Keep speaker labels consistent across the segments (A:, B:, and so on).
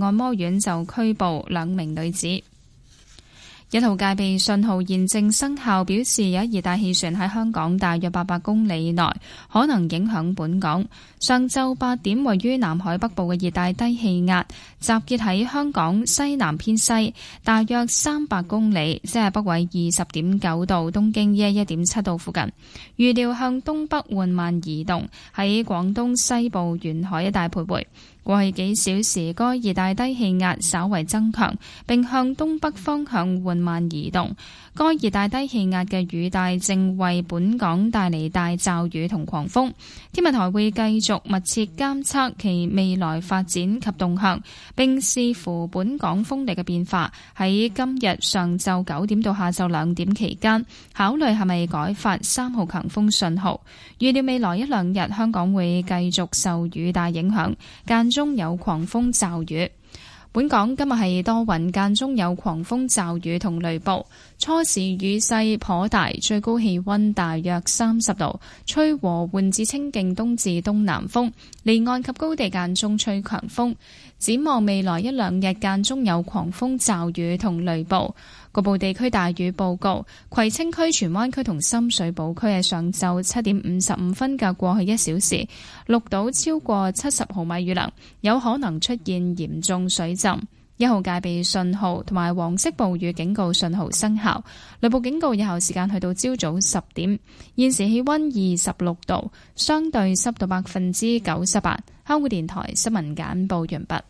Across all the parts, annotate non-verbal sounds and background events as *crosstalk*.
A: 按摩院就拘捕兩名女子。一號戒備信號現正生效，表示有一熱帶氣旋喺香港大約八百公里內，可能影響本港。上晝八點，位於南海北部嘅熱帶低氣壓集結喺香港西南偏西大約三百公里，即係北緯二十點九度，東經一一點七度附近。預料向東北緩慢移動，喺廣東西部沿海一帶徘徊。過去幾小時，該熱帶低氣壓稍為增強，並向東北方向緩慢移動。該熱帶低氣壓嘅雨帶正為本港帶嚟大驟雨同狂風，天文台會繼續密切監測其未來發展及動向，並視乎本港風力嘅變化，喺今日上晝九點到下晝兩點期間，考慮係咪改發三號強風信號。預料未來一兩日香港會繼續受雨帶影響，間中有狂風驟雨。本港今日係多雲間中有狂風驟雨同雷暴，初時雨勢頗大，最高氣溫大約三十度，吹和緩至清勁東至東南風，離岸及高地間中吹強風。展望未來一兩日間中有狂風驟雨同雷暴。局部地區大雨報告，葵青區、荃灣區同深水埗區喺上晝七點五十五分嘅過去一小時，錄到超過七十毫米雨量，有可能出現嚴重水浸。一號戒備信號同埋黃色暴雨警告信號生效，雷暴警告以後時間去到朝早十點。現時氣溫二十六度，相對濕度百分之九十八。香港電台新聞簡報完畢。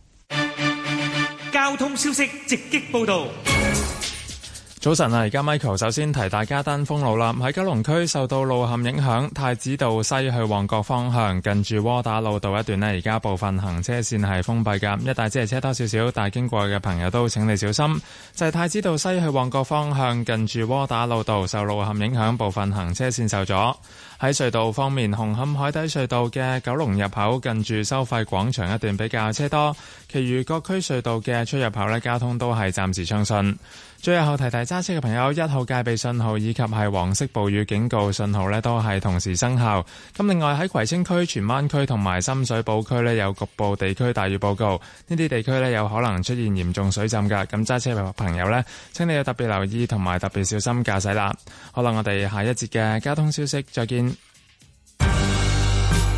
B: 交通消息直擊報道。
C: 早晨啊！而家 Michael 首先提大家單封路啦，喺九龍區受到路陷影響，太子道西去旺角方向近住窩打老道一段呢，而家部分行車線係封閉嘅，一帶即係車,車多少少，但經過嘅朋友都請你小心。就係、是、太子道西去旺角方向近住窩打老道受路陷影響，部分行車線受阻。喺隧道方面，紅磡海底隧道嘅九龍入口近住收費廣場一段比較車多，其餘各區隧道嘅出入口呢，交通都係暫時暢順。最後提提揸車嘅朋友，一號戒備信號以及係黃色暴雨警告信號呢都係同時生效。咁另外喺葵青區、荃灣區同埋深水埗區呢有局部地區大雨報告，這些區呢啲地區呢有可能出現嚴重水浸噶。咁揸車嘅朋友咧，請你要特別留意同埋特別小心駕駛啦。好啦，我哋下一節嘅交通消息再見。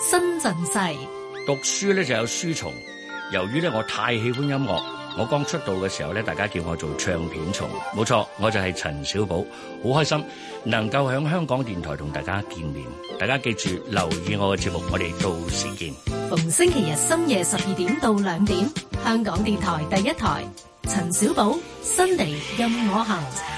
A: 新陣勢，
D: 世讀書咧就有書蟲。由於咧我太喜歡音樂，我剛出道嘅時候咧，大家叫我做唱片蟲。冇錯，我就係陳小寶，好開心能夠響香港電台同大家見面。大家記住留意我嘅節目，我哋到時見。
A: 逢星期日深夜十二點到兩點，香港電台第一台，陳小寶，新地任我行。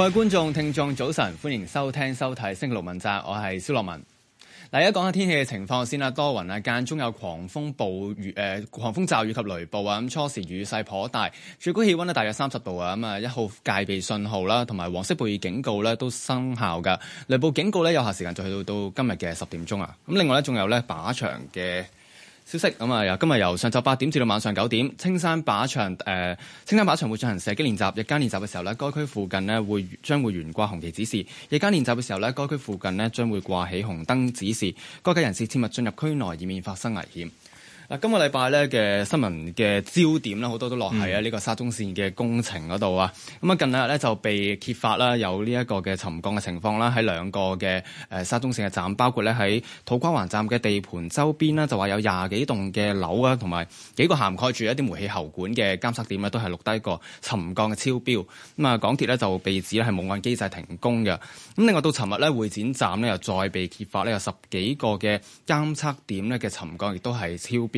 E: 各位觀眾、聽眾，早晨，歡迎收聽、收睇《星期六問責》，我係蕭洛汶。嗱，家講下天氣嘅情況先啦，多雲啦，間中有狂風暴雨，誒、呃，狂風驟雨及雷暴啊。咁初時雨勢頗大，最高氣溫咧大約三十度啊。咁啊，一號戒備信號啦，同埋黃色暴雨警告咧都生效噶。雷暴警告咧，有效時間就去到到今日嘅十點鐘啊。咁另外咧，仲有咧靶場嘅。消息咁啊。今日由上晝八點至到晚上九點，青山靶場誒、呃，青山靶場會進行射擊練習。日間練習嘅時候咧，該區附近咧將會懸掛紅旗指示；夜間練習嘅時候咧，該區附近咧將會掛起紅燈指示，各界人士切勿進入區內，以免發生危險。嗱，今個禮拜咧嘅新聞嘅焦點啦，好多都落喺呢個沙中線嘅工程嗰度啊。咁啊，近日咧就被揭發啦，有呢一個嘅沉降嘅情況啦，喺兩個嘅誒沙中線嘅站，包括咧喺土瓜環站嘅地盤周邊啦，就話有廿幾棟嘅樓啊，同埋幾個涵蓋住一啲煤氣喉管嘅監測點啊，都係錄低個沉降嘅超標。咁啊，港鐵呢就被指咧係冇按機制停工嘅。咁另外到尋日咧，會展站呢，又再被揭發呢有十幾個嘅監測點呢嘅沉降亦都係超標。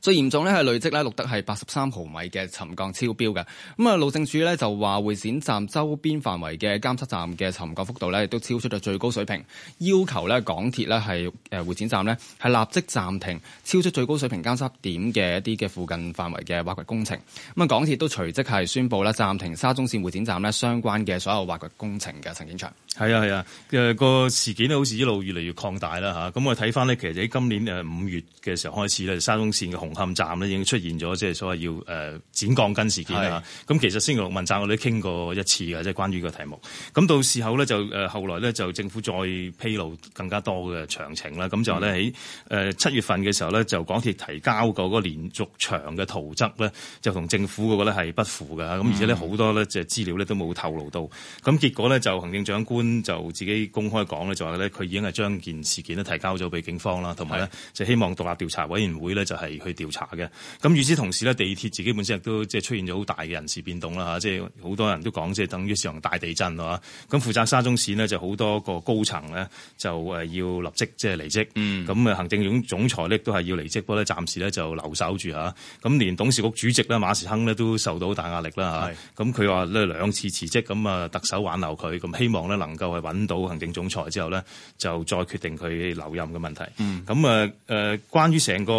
E: 最嚴重咧係累積咧錄得係八十三毫米嘅沉降超標嘅。咁啊路政署咧就話會展站周邊範圍嘅監測站嘅沉降幅度咧亦都超出咗最高水平，要求咧港鐵咧係誒會展站咧係立即暫停超出最高水平監測點嘅一啲嘅附近範圍嘅挖掘工程。咁啊港鐵都隨即係宣布咧暫停沙中線會展站咧相關嘅所有挖掘工程嘅。陳景祥，
F: 係啊係啊，誒、啊那個事件咧好似一路越嚟越擴大啦吓，咁我睇翻咧其實喺今年誒五月嘅時候開始咧沙中線嘅紅。紅磡站咧已經出現咗即係所謂要誒剪鋼筋事件啊！咁是其實星期六問責我哋都傾過一次嘅，即係關於呢個題目。咁到時候咧就誒後來咧就政府再披露更加多嘅詳情啦。咁就話咧喺誒七月份嘅時候咧就港鐵提交個嗰個連續牆嘅圖則咧就同政府嗰個咧係不符嘅。咁、嗯、而且咧好多咧即係資料咧都冇透露到。咁結果咧就行政長官就自己公開講咧就話咧佢已經係將件事件咧提交咗俾警方啦，同埋咧就希望獨立調查委員會咧就係去。調查嘅。咁，與此同時呢，地鐵自己本身亦都即係出現咗好大嘅人事變動啦嚇，即係好多人都講即係等於上大地震啊，咁負責沙中線呢，就好多個高層呢，就誒要立即即係離職。嗯。咁啊，行政總裁呢，都係要離職，不過咧暫時呢就留守住嚇。咁連董事局主席咧馬時亨呢，都受到好大壓力啦嚇。係。咁佢話呢，兩次辭職，咁啊特首挽留佢，咁希望呢，能夠係揾到行政總裁之後呢，就再決定佢留任嘅問題。嗯。咁啊誒，關於成個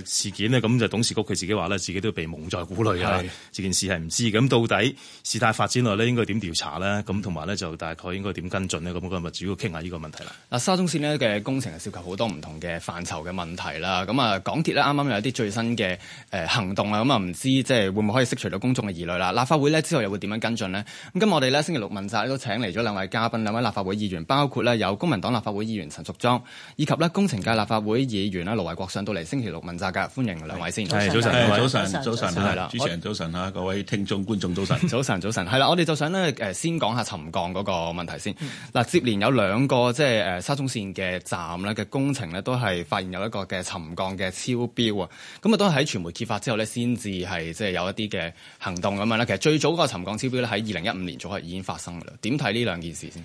F: 誒事件。咁就董事局佢自己話咧，自己都被蒙在鼓裏嘅。呢是的 件事係唔知道。咁到底事態發展落咧，應該點調查咧？咁同埋咧，就大概
E: 應該點跟進呢？咁今日主要傾下呢個問題啦。嗱，沙中線呢嘅工程係涉及好多唔同嘅範疇嘅問題啦。咁啊，港鐵咧啱啱有一啲最新嘅誒行動啊。咁啊，唔知即係會唔會可以釋除到公眾嘅疑慮啦？立法會咧之後又會點樣跟進呢？咁今日我哋咧星期六問責都請嚟咗兩位嘉賓，兩位立法會議員，包括咧有公民黨立法會議員陳淑莊，以及咧工程界立法會議員啊盧偉國上到嚟星期六問責㗎，歡迎。兩位先，早晨，早晨，早晨，早晨，係啦，主持人早晨嚇，各位聽眾觀眾早晨，早晨，早晨，係啦，我哋就想咧誒，先講下沉降嗰個問題先。嗱，接連有兩個即係誒沙中線嘅站咧嘅工程咧，都係發現有一個嘅沉降嘅超標啊。咁啊，都係喺傳媒揭發之後咧，先至係即係有一啲嘅行動咁樣啦。其實最早嗰個沉降超標咧，喺二零一五年左右已經發生㗎啦。點睇呢兩件事先？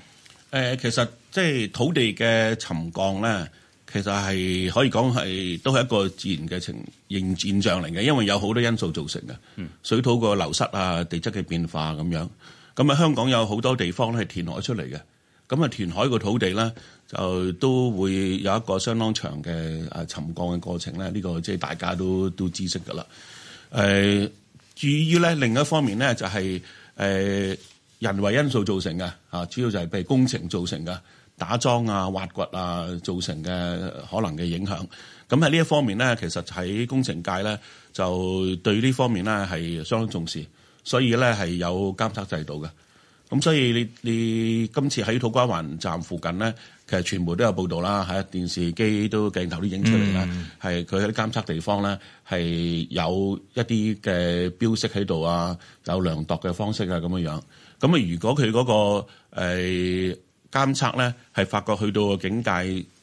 G: 誒，其實即係土地嘅沉降咧。其實係可以講係都係一個自然嘅情形現象嚟嘅，因為有好多因素造成嘅。嗯、水土個流失啊、地質嘅變化咁、啊、樣，咁啊香港有好多地方咧係填海出嚟嘅，咁啊填海個土地咧就都會有一個相當長嘅啊沉降嘅過程咧，呢、這個即係大家都都知識噶啦。誒、啊，至於咧另一方面咧就係、是、誒、啊、人為因素造成嘅啊，主要就係被工程造成嘅。打樁啊、挖掘啊造成嘅可能嘅影響，咁喺呢一方面咧，其實喺工程界咧就對呢方面咧係相當重視，所以咧係有監測制度嘅。咁所以你你今次喺土瓜灣站附近咧，其實全部都有報道啦，喺電視機都鏡頭都影出嚟啦，係佢喺啲監測地方咧係有一啲嘅標識喺度啊，有量度嘅方式啊咁樣樣。咁啊，如果佢嗰、嗰個、欸監測咧係發覺去到個警戒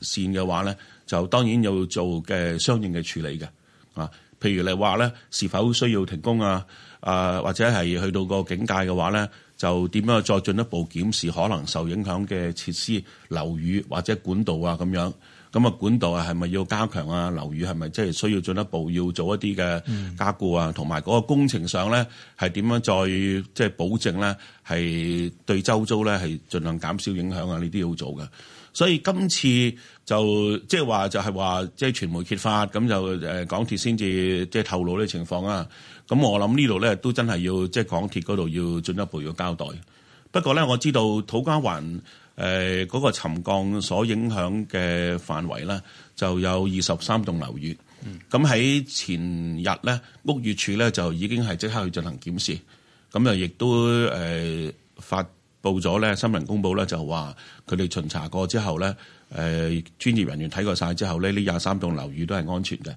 G: 線嘅話咧，就當然要做嘅相應嘅處理嘅啊。譬如你話咧，是否需要停工啊？啊，或者係去到個警戒嘅話咧，就點樣再進一步檢視可能受影響嘅設施、樓宇或者管道啊咁樣。咁啊管道啊，係咪要加強啊？樓宇係咪即係需要進一步要做一啲嘅加固啊？同埋嗰個工程上咧，係點樣再即係、就是、保證咧？係對周遭咧係盡量減少影響啊！呢啲要做嘅。所以今次就即係話就係、是、話，即、就、係、是、傳媒揭發咁就誒港鐵先至即係透露呢情況啊。咁我諗呢度咧都真係要即係、就是、港鐵嗰度要進一步要交代。不過咧，我知道土瓜灣。誒嗰、呃那個沉降所影響嘅範圍咧，就有二十三棟樓宇。咁喺、嗯、前日咧，屋宇署咧就已經係即刻去進行檢視。咁啊，亦都誒發布咗咧新聞公佈咧，就話佢哋巡查過之後咧，誒、呃、專業人員睇過晒之後咧，呢廿三棟樓宇都係安全嘅。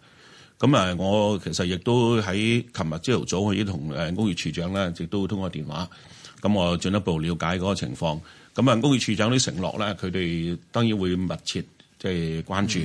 G: 咁我其實亦都喺琴日朝頭早已經同誒屋宇署長咧，亦都通過電話，咁我進一步了解嗰個情況。咁啊，屋宇署長啲承諾咧，佢哋當然會密切即係關注，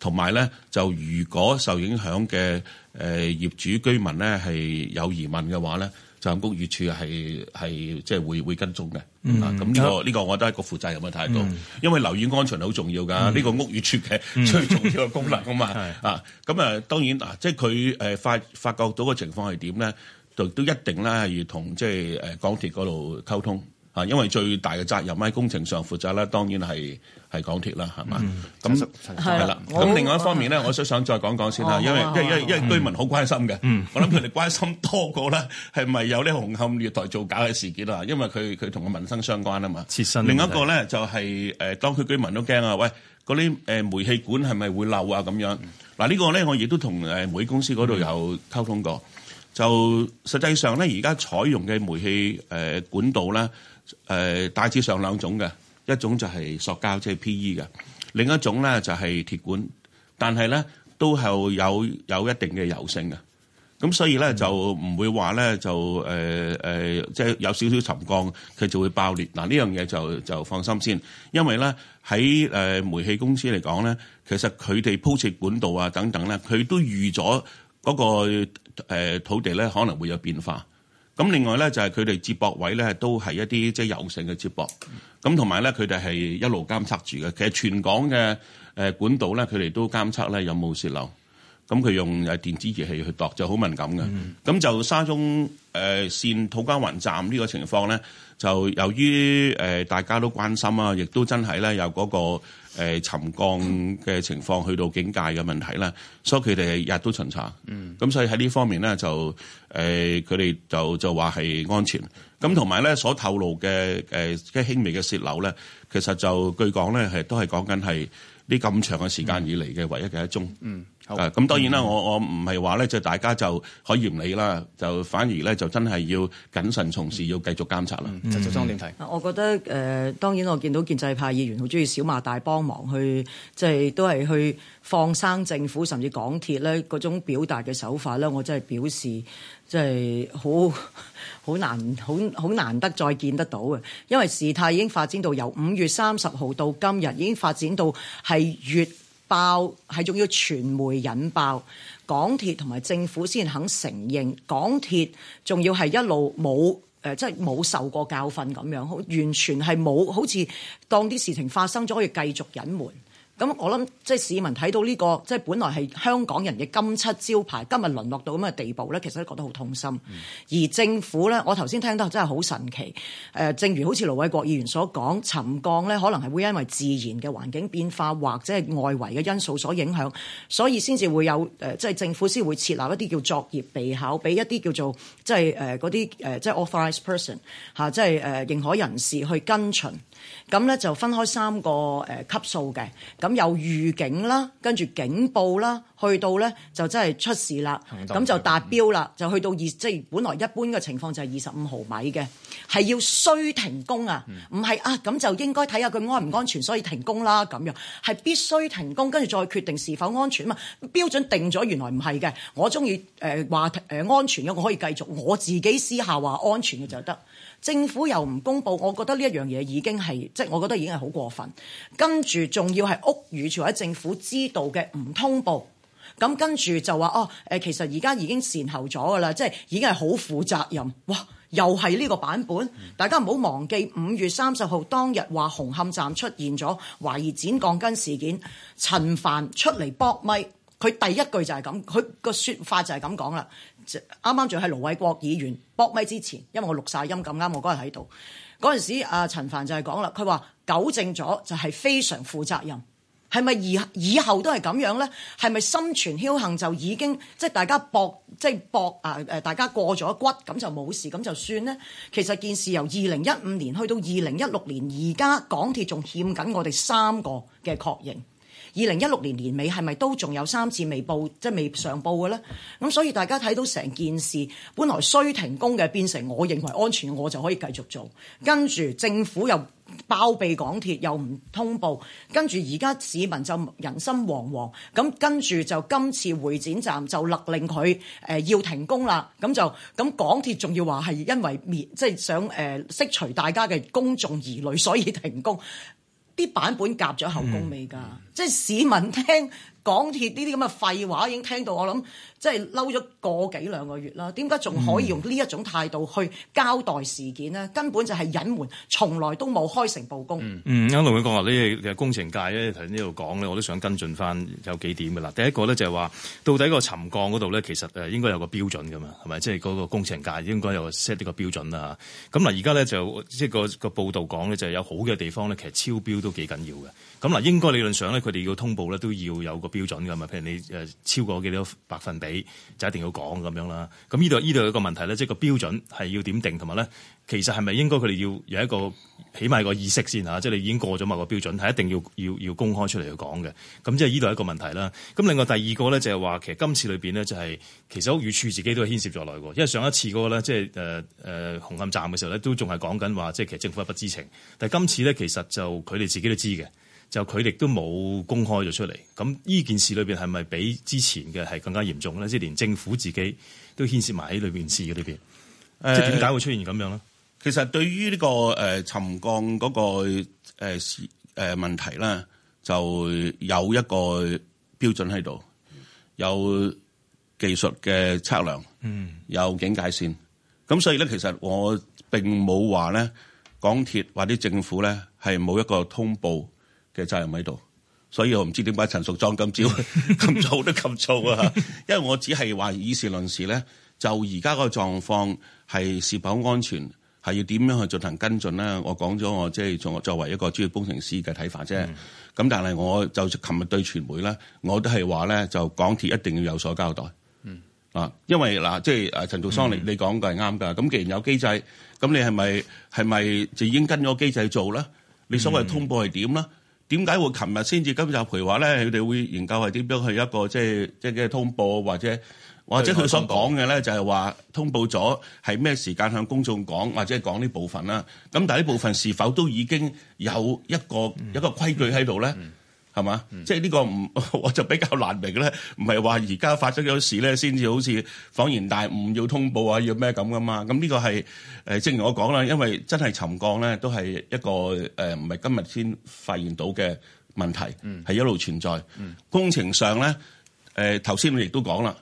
G: 同埋咧就如果受影響嘅誒業主居民咧係有疑問嘅話咧，就屋宇處係係即係會會跟蹤嘅。咁呢個呢個我覺得係個負責任嘅態度，嗯、因為樓宇安全好重要㗎。呢、嗯、個屋宇處嘅最重要嘅功能啊嘛。啊、嗯，咁、嗯、啊當然啊，即係佢誒發發覺到個情況係點咧，就都一定啦，要同即係港鐵嗰度溝通。啊，因為最大嘅責任喺工程上負責咧，當然係係港鐵啦，係嘛？咁係啦。咁另外一方面咧，我想想再講講先啦，因為因為因為居民好關心嘅，我諗佢哋關心多過咧，係咪有啲紅磡月台造假嘅事件啊？因為佢佢同個民生相關啊嘛。切身。另一個咧就係誒，當區居民都驚啊，喂，嗰啲誒煤氣管係咪會漏啊？咁樣嗱，呢個咧我亦都同誒煤氣公司嗰度有溝通過，就實際上咧，而家採用嘅煤氣誒管道咧。誒、呃、大致上兩種嘅，一種就係塑膠，即、就、係、是、PE 嘅；另一種咧就係、是、鐵管，但係咧都係有有一定嘅油性嘅。咁所以咧、嗯、就唔會話咧就誒誒，即、呃、係、呃就是、有少少沉降，佢就會爆裂嗱。呢、啊、樣嘢就就放心先，因為咧喺誒煤氣公司嚟講咧，其實佢哋鋪設管道啊等等咧，佢都預咗嗰、那個、呃、土地咧可能會有變化。咁另外咧就係佢哋接駁位咧都係一啲即係有性嘅接駁，咁同埋咧佢哋係一路監測住嘅。其實全港嘅誒管道咧，佢哋都監測咧有冇洩漏。咁佢用誒電子儀器去度就好敏感嘅。咁、嗯、就沙中誒線土瓜灣站呢個情況咧，就由於誒大家都關心啊，亦都真係咧有嗰、那個。誒沉降嘅情況去到警戒嘅問題啦，所以佢哋日都巡查，咁所以喺呢方面咧就誒佢哋就就話係安全，咁同埋咧所透露嘅誒即係輕微嘅洩漏咧，其實就據講咧係都係講緊係呢咁長嘅時間以嚟嘅唯一嘅一宗。咁好當然啦、嗯，我我唔係話咧，就大家就可以唔理啦，就反而咧就真係要謹慎從事，要繼續監察啦。陳淑莊點睇？嗯？
H: 嗯、我覺得誒、呃，當然我見到建制派議員好中意小馬大幫忙去，即係都係去放生政府，甚至港鐵咧嗰種表達嘅手法咧，我真係表示即係好好難好好難得再見得到嘅，因為事態已經發展到由五月三十號到今日，已經發展到係越。爆，係仲要傳媒引爆，港鐵同埋政府先肯承認，港鐵仲要係一路冇誒，即係冇受過教訓咁樣，完全係冇，好似當啲事情發生咗，可以繼續隱瞞。咁我諗即係市民睇到呢個即係本來係香港人嘅金漆招牌，今日淪落到咁嘅地步咧，其實都覺得好痛心。嗯、而政府咧，我頭先聽得真係好神奇。誒，正如好似盧偉國議員所講，沉降咧可能係會因為自然嘅環境變化或者係外圍嘅因素所影響，所以先至會有即係政府先會設立一啲叫作業備考，俾一啲叫做即係誒嗰啲誒即係 authorised person 即係誒認可人士去跟循。咁咧就分開三個誒級數嘅，咁有預警啦，跟住警報啦。去到呢就真係出事啦，咁、嗯、就達標啦，就去到二即係本來一般嘅情況就係二十五毫米嘅係要須停工啊，唔係、嗯、啊咁就應該睇下佢安唔安全，所以停工啦咁樣係必須停工，跟住再決定是否安全嘛。標準定咗，原來唔係嘅，我中意誒話誒安全嘅，我可以繼續我自己私下話安全嘅就得。嗯、政府又唔公佈，我覺得呢一樣嘢已經係即係我覺得已經係好過分，跟住仲要係屋宇署或者政府知道嘅唔通報。咁跟住就話哦，其實而家已經善後咗㗎啦，即係已經係好負責任。哇，又係呢個版本，嗯、大家唔好忘記五月三十號當日話紅磡站出現咗懷疑剪鋼筋事件，陳凡出嚟搏咪，佢第一句就係咁，佢個說法就係咁講啦。啱啱仲喺盧偉國議員搏咪之前，因為我錄晒音咁啱，我嗰日喺度嗰陣時，阿陳凡就係講啦，佢話糾正咗就係非常負責任。係咪以以後都係咁樣咧？係咪心存僥倖，就已經即係大家搏即係搏啊誒！大家過咗骨咁就冇事咁就算咧。其實件事由二零一五年去到二零一六年，而家港鐵仲欠緊我哋三個嘅確認。二零一六年年尾係咪都仲有三次未報，即係未上報嘅咧？咁所以大家睇到成件事，本來需停工嘅變成，我認為安全，我就可以繼續做。跟住政府又包庇港鐵，又唔通報，跟住而家市民就人心惶惶。咁跟住就今次會展站就勒令佢要停工啦。咁就咁港鐵仲要話係因為滅，即係想誒釋除大家嘅公眾疑慮，所以停工。啲版本夾咗口供未㗎，嗯、即係市民聽港鐵呢啲咁嘅廢話，已經聽到，我諗。即係嬲咗個幾兩個月啦，點解仲可以用呢一種態度去交代事件呢？嗯、根本就係隱瞞，從來都冇開誠布公、
F: 嗯。嗯，啱啱你講話，你你工程界咧，頭先呢度講咧，我都想跟進翻有幾點嘅啦。第一個咧就係話，到底個沉降嗰度咧，其實誒應該有個標準嘅嘛，係咪？即係嗰個工程界應該有 set 呢個標準啦。咁嗱，而家咧就即係個個報道講咧，就係有好嘅地方咧，其實超標都幾緊要嘅。咁嗱，應該理論上咧，佢哋要通報咧，都要有個標準嘅嘛。譬如你誒超過幾多百分比？就一定要講咁樣啦，咁呢度呢度有個問題咧，即係個標準係要點定，同埋咧，其實係咪應該佢哋要有一個起碼個意識先吓，即、啊、係、就是、你已經過咗某個標準，係一定要要要公開出嚟去講嘅，咁即係呢度有一個問題啦。咁另外第二個咧就係話，其實今次裏邊咧就係、是、其實屋宇署自己都牽涉咗內喎，因為上一次嗰、那個咧即係誒誒紅磡站嘅時候咧，都仲係講緊話，即、就、係、是、其實政府係不知情，但係今次咧其實就佢哋自己都知嘅。就佢哋都冇公開咗出嚟，咁呢件事裏面係咪比之前嘅係更加嚴重咧？即係連政府自己都牽涉埋喺裏面事嘅裏面，
G: 呃、即係點解會
F: 出現咁樣咧？
G: 其實對於呢、這個誒、呃、沉降嗰、那個誒誒、呃呃、問題咧，就有一個標準喺度，有技術嘅測量，嗯、有警戒線。咁所以咧，其實我並冇話咧，港鐵或者政府咧係冇一個通報嘅責任喺度，所以我唔知點解陳淑莊今朝咁早 *laughs* 都咁燥啊！因為我只係話以事論事咧，就而家個狀況係是否安全，係要點樣去進行跟進咧？我講咗我即係作作為一個專業工程師嘅睇法啫。咁、嗯、但係我就琴日對傳媒咧，我都係話咧，就港鐵一定要有所交代。嗯啊，因為嗱，即係陳淑莊你、嗯、你講嘅係啱㗎。咁既然有機制，咁你係咪係咪就已經跟咗機制做咧？你所謂的通報係點咧？嗯嗯點解會琴日先至今日陪話咧？佢哋會研究係點樣去一個即係即係通報，或者或者佢所講嘅咧，就係話通報咗係咩時間向公眾講，或者講呢部分啦。咁但係呢部分是否都已經有一個、嗯、一個規矩喺度咧？嗯係嘛？是嗯、即係呢個唔，我就比較難明咧。唔係話而家發生咗事咧，先至好似恍然大悟要通報啊，要咩咁噶嘛？咁、嗯、呢、嗯、個係誒、呃，正如我講啦，因為真係沉降咧，都係一個誒，唔、呃、係今日先發現到嘅問題，係一路存在。嗯嗯、工程上咧，誒頭先你亦都講啦，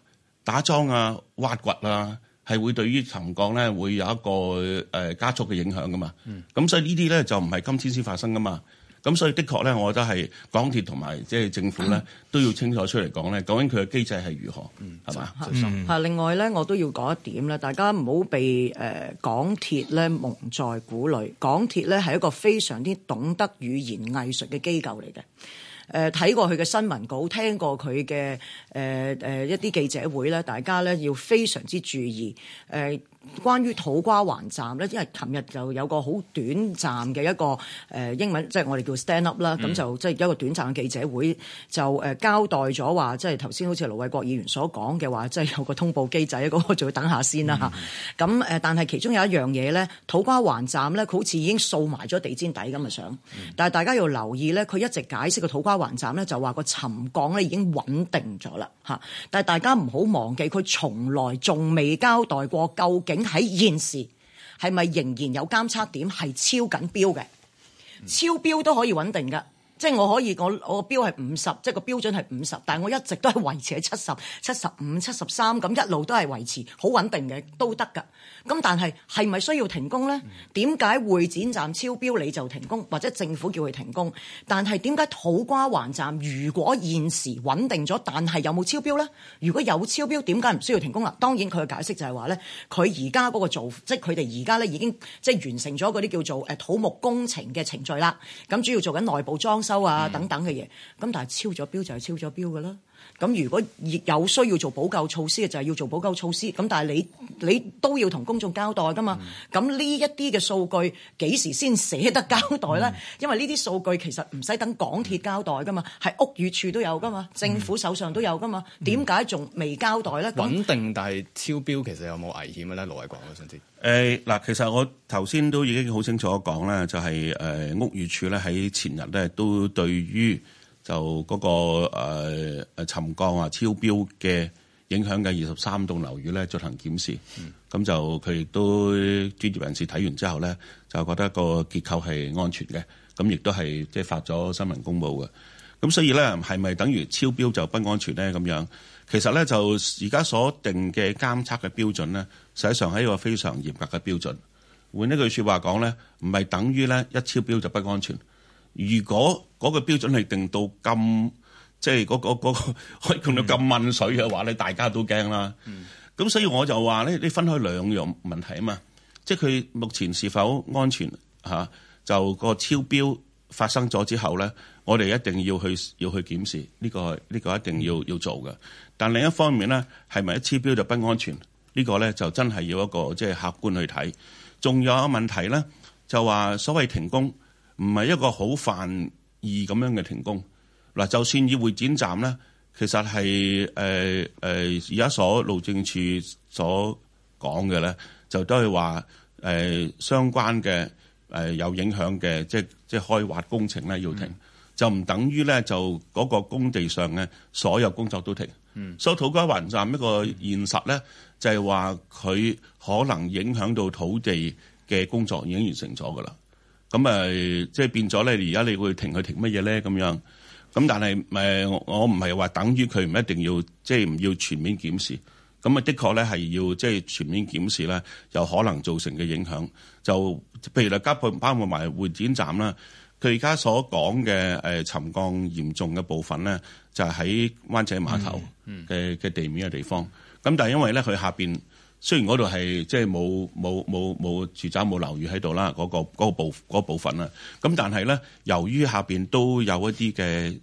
G: 打樁啊、挖掘啊，係會對於沉降咧會有一個誒、呃、加速嘅影響噶嘛。咁、嗯、所以這些呢啲咧就唔係今天先發生噶嘛。咁所以，的確咧，我覺得係港鐵同埋即係政府咧，都要清楚出嚟講咧，究竟佢嘅機制係如何，係嘛？
H: 啊，另外咧，我都要講一點咧，大家唔好被港鐵咧蒙在鼓裏。港鐵咧係一個非常之懂得語言藝術嘅機構嚟嘅。睇過佢嘅新聞稿，聽過佢嘅誒一啲記者會咧，大家咧要非常之注意。誒。關於土瓜灣站咧，因為琴日就有個好短暫嘅一個、呃、英文，即、就、係、是、我哋叫 stand up 啦、嗯，咁就即係、就是、一個短暫嘅記者會，就交代咗話，即係頭先好似盧偉國議員所講嘅話，即、就、係、是、有個通報機制，嗰、那個就要等下先啦咁、嗯啊、但係其中有一樣嘢咧，土瓜灣站咧，佢好似已經掃埋咗地氈底咁嘅想，但係大家要留意咧，佢一直解釋個土瓜灣站咧，就話個沉降咧已經穩定咗啦吓，但係大家唔好忘記，佢從來仲未交代過究竟。喺現時，係咪仍然有監測點係超緊標嘅？嗯、超標都可以穩定噶。即係我可以，我我個標係五十，即係個標準係五十，但係我一直都係維持喺七十、七十五、七十三咁一路都係維持，好穩定嘅都得㗎。咁但係係咪需要停工咧？點解會展站超標你就停工，或者政府叫佢停工？但係點解土瓜灣站如果現時穩定咗，但係有冇超標咧？如果有超標點解唔需要停工啦？當然佢嘅解釋就係話咧，佢而家嗰個做，即係佢哋而家咧已經即係完成咗嗰啲叫做誒土木工程嘅程序啦。咁主要做緊內部裝收啊，等等嘅嘢，咁但係超咗標就係超咗標嘅啦。咁如果有需要做補救措施嘅，就係、是、要做補救措施。咁但係你你都要同公眾交代㗎嘛？咁呢一啲嘅數據幾時先捨得交代咧？嗯、因為呢啲數據其實唔使等港鐵交代㗎嘛，係、嗯、屋宇署都有㗎嘛，政府手上都有㗎嘛。點解仲未交代咧？穩
E: 定但係超標，其實有冇危險咧？盧偉國我想知。
G: 嗱，其實我頭先都已經好清楚講咧，就係、是、屋宇署咧喺前日咧都對於，就嗰、那個誒、呃、沉降啊、超標嘅影響嘅二十三棟樓宇咧，進行檢視。咁、嗯、就佢亦都專業人士睇完之後咧，就覺得個結構係安全嘅。咁亦都係即係發咗新聞公佈嘅。咁所以咧，係咪等於超標就不安全咧？咁樣其實咧，就而家所定嘅監測嘅標準咧，實際上係一個非常嚴格嘅標準。換一句說話講咧，唔係等於咧一超標就不安全。如果嗰個標準係定到咁，即係嗰嗰嗰可以講到咁掹水嘅話你、嗯、大家都驚啦。咁、嗯、所以我就話咧，你分開兩樣問題啊嘛，即係佢目前是否安全、啊、就個超標發生咗之後咧，我哋一定要去要去檢視呢、這個呢、這個一定要要做嘅。但另一方面咧，係咪一超標就不安全？這個、呢個咧就真係要一個即係、就是、客觀去睇。仲有一個問題咧，就話所謂停工。唔係一個好繁易咁樣嘅停工嗱，就算以會展站咧，其實係誒誒而家所路政署所講嘅咧，就都係話誒相關嘅誒、呃、有影響嘅，即係即係開挖工程咧要停，嗯、就唔等於咧就嗰個工地上咧所有工作都停。嗯，所以土瓜灣站一個現實咧，就係話佢可能影響到土地嘅工作已經完成咗噶啦。咁誒，即係變咗咧，而家你會停佢停乜嘢咧咁樣？咁但係咪我唔係話等於佢唔一定要，即係唔要全面檢視？咁啊，的確咧係要即係全面檢視呢，有可能造成嘅影響。就譬如嚟包括包含埋會展站啦，佢而家所講嘅誒沉降嚴重嘅部分咧，就係、是、喺灣仔碼頭嘅嘅地面嘅地方。咁、嗯嗯、但係因為咧，佢下邊。雖然嗰度係即係冇冇冇冇住宅冇樓宇喺度啦，嗰、嗰個嗰、嗰個、部嗰、嗰個、部分啦。咁但係咧，由於下面都有一啲嘅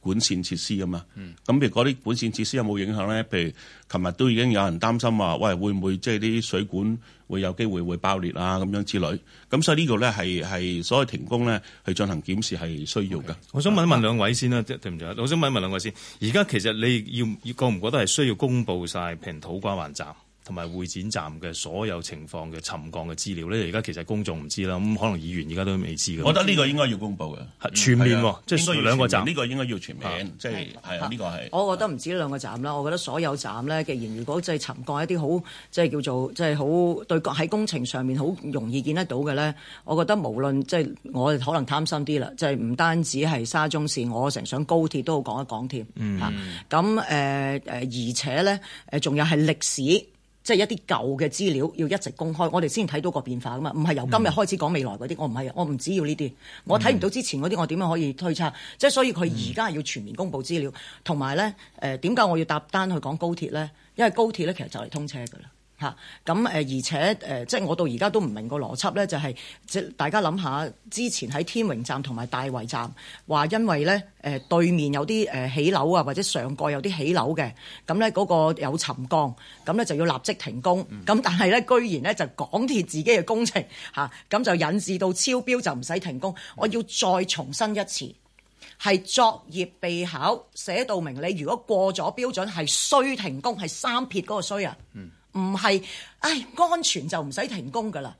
G: 管線設施啊嘛，咁譬、嗯、如嗰啲管線設施有冇影響咧？譬如琴日都已經有人擔心話，喂會唔會即係啲水管會有機會會爆裂啊？咁樣之類咁，所以呢個咧係係所謂停工咧去進行檢視係需要嘅。我想問一問兩位先啦，停唔我想問一問兩位先，而家其實你要
F: 要覺唔覺得係需要公布晒平土瓜灣站？同埋會展站嘅所有情況嘅沉降嘅資料咧，而家其實公眾唔知啦。咁可能議員而家都未知嘅。我覺得呢個應該要公布嘅，全面即係需要兩個站，呢個
G: 應該要全面，即係係啊，呢個係。
H: 我覺得唔止兩個站啦，我覺得所有站咧，既然如果即係沉降一啲好，即係叫做即係好對喺工程上面好容易見得到嘅咧，我覺得無論即係、就是、我哋可能貪心啲啦，即係唔單止係沙中線，我成想高鐵都好講一講添。嗯。咁誒誒，而且咧誒，仲有係歷史。即係一啲舊嘅資料要一直公開，我哋先睇到個變化噶嘛，唔係由今日開始講未來嗰啲、嗯，我唔係我唔只要呢啲，我睇唔到之前嗰啲，嗯、我點樣可以推測？即係所以佢而家要全面公布資料，同埋呢，誒點解我要搭單去講高鐵呢？因為高鐵呢，其實就嚟通車噶啦。咁誒，而且誒，即係我到而家都唔明個邏輯咧，就係、是、即大家諗下，之前喺天榮站同埋大圍站話，因為咧誒對面有啲起樓啊，或者上蓋有啲起樓嘅咁咧，嗰、那個有沉降咁咧就要立即停工。咁、嗯、但係咧，居然咧就港鐵自己嘅工程嚇咁就引致到超標就唔使停工。我要再重申一次，係作業備考寫到明，明，你如果過咗標準係須停工，係三撇嗰個須啊。嗯。唔係，唉，安全就唔使停工噶啦。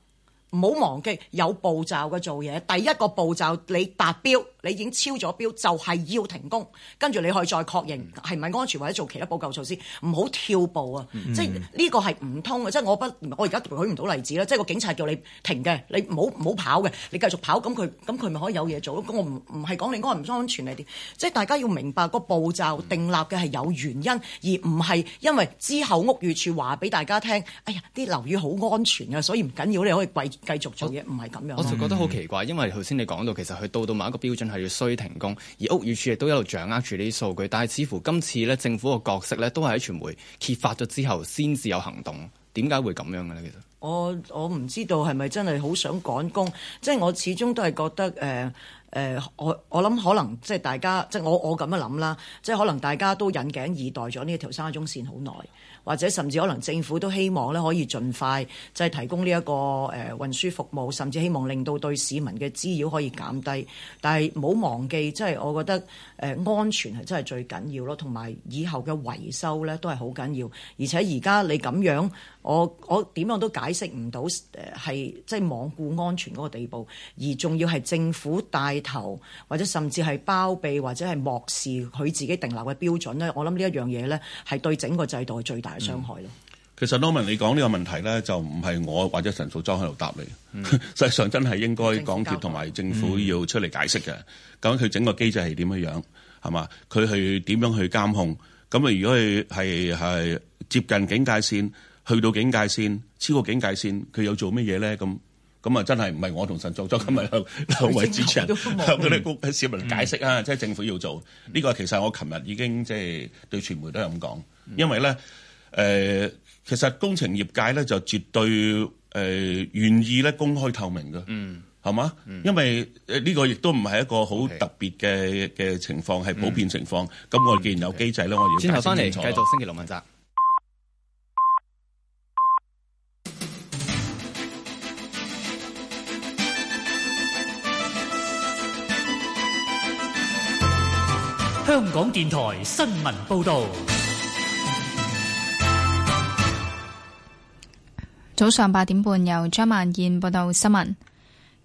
H: 唔好忘記有步驟嘅做嘢。第一個步驟你達標，你已經超咗標，就係要停工。跟住你可以再確認係咪安全，或者做其他補救措施。唔好跳步啊！嗯、即係呢個係唔通嘅。即係我不我而家舉唔到例子啦。即係個警察叫你停嘅，你唔好唔好跑嘅，你繼續跑咁佢咁佢咪可以有嘢做咯。我唔唔係講你安唔安全係點。即係大家要明白個步驟定立嘅係有原因，而唔係因為之後屋宇署話俾大家聽，「哎呀啲樓宇好安全啊！」所以唔緊要你可以跪。繼續做嘢唔係咁樣，我就覺得好奇
E: 怪，嗯、因為頭先你講到其實佢到到某一個標準係要需停工，而屋宇署亦都一路掌握住呢啲數據，但係似乎今次咧政府嘅角色咧都係喺傳媒揭發咗之後先至有行動，點解會咁樣嘅咧？其實
H: 我我唔知道係咪真係好想趕工，即、就、係、是、我始終都係覺得誒、呃呃、我我諗可能即係大家即係、就是、我我咁樣諗啦，即、就、係、是、可能大家都引頸以待咗呢一條沙中綫好耐。或者甚至可能政府都希望咧可以盡快即係提供呢一個誒運輸服務，甚至希望令到對市民嘅滋擾可以減低。但係唔好忘記，即係我覺得誒安全係真係最緊要咯，同埋以後嘅維修咧都係好緊要。而且而家你咁樣我我點樣都解釋唔到誒係即係罔顧安全嗰個地步，而仲要係政府帶頭或者甚至係包庇或者係漠視佢自己定立嘅標準咧。我諗呢一樣嘢咧係對整個制度係最大傷
G: 害咯。其實，Norman，你講呢個問題咧，就唔係我或者陳淑莊喺度答你。實際上真係應該港鐵同埋政府要出嚟解釋嘅。究竟佢整個機制係點樣樣係嘛？佢去點樣去監控？咁啊，如果佢係係接近警戒線，去到警戒線，超過警戒線，佢有做乜嘢咧？咁咁啊，真係唔係我同陳淑莊今日兩兩位主持人，向啲市民解釋啊，即係政府要做呢個。其實我琴日已經即係對傳媒都係咁講，因為咧。誒、呃，其實工程業界咧就絕對誒、呃、願意咧公開透明嘅。嗯，係嘛嗎？嗯、因為誒呢個亦都唔係一個好特別嘅嘅情況，係是普遍情況。咁、嗯、我哋既然有機制咧，嗯、我要轉頭翻嚟繼續
E: 星期六問責。
B: 香港電台新聞報導。
A: 早上八點半，由張曼燕報道新聞。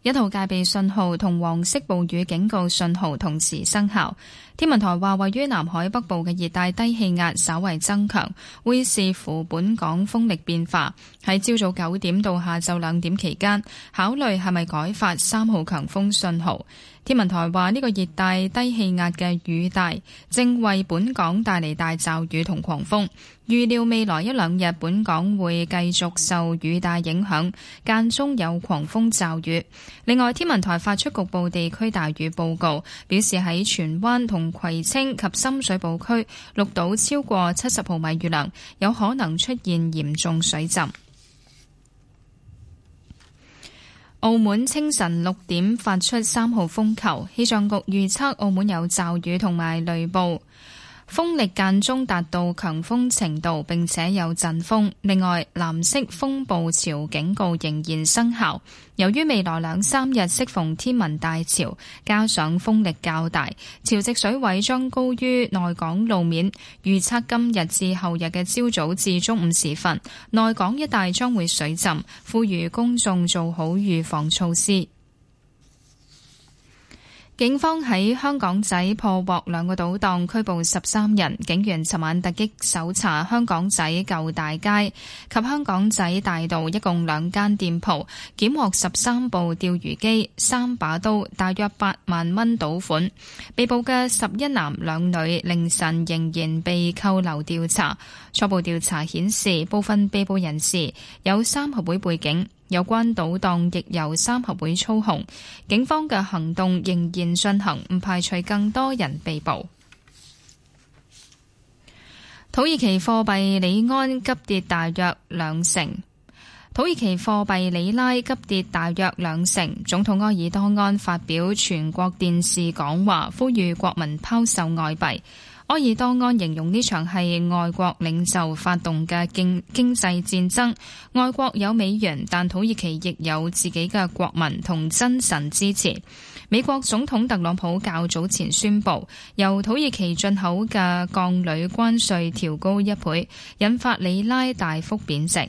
A: 一號戒備信號同黃色暴雨警告信號同時生效。天文台話，位於南海北部嘅熱帶低氣壓稍為增強，會視乎本港風力變化。喺朝早九點到下晝兩點期間，考慮係咪改發三號強風信號。天文台話：呢個熱帶低氣壓嘅雨帶正為本港帶嚟大驟雨同狂風，預料未來一兩日本港會繼續受雨帶影響，間中有狂風驟雨。另外，天文台發出局部地區大雨報告，表示喺荃灣、同葵青及深水埗區，綠島超過七十毫米雨量，有可能出現嚴重水浸。澳門清晨六點發出三號風球，氣象局預測澳門有驟雨同埋雷暴。風力間中達到強風程度，並且有陣風。另外，藍色風暴潮警告仍然生效。由於未來兩三日適逢天文大潮，加上風力較大，潮汐水位將高於內港路面。預測今日至後日嘅朝早至中午時分，內港一帶將會水浸，呼籲公眾做好預防措施。警方喺香港仔破獲兩個賭檔，拘捕十三人。警員尋晚突擊搜查香港仔舊大街及香港仔大道，一共兩間店鋪，檢獲十三部釣魚機、三把刀，大約八萬蚊賭款。被捕嘅十一男兩女，凌晨仍然被扣留調查。初步調查顯示，部分被捕人士有三合會背景。有關賭檔亦由三合會操控，警方嘅行動仍然進行，唔排除更多人被捕。土耳其貨幣里安急跌大約兩成，土耳其貨幣里拉急跌大約兩成。總統埃爾多安發表全國電視講話，呼籲國民拋售外幣。埃爾多安形容呢場係外國領袖發動嘅經經濟戰爭。外國有美元，但土耳其亦有自己嘅國民同真神支持。美國總統特朗普較早前宣佈，由土耳其進口嘅鋼鋁關稅調高一倍，引發里拉大幅貶值。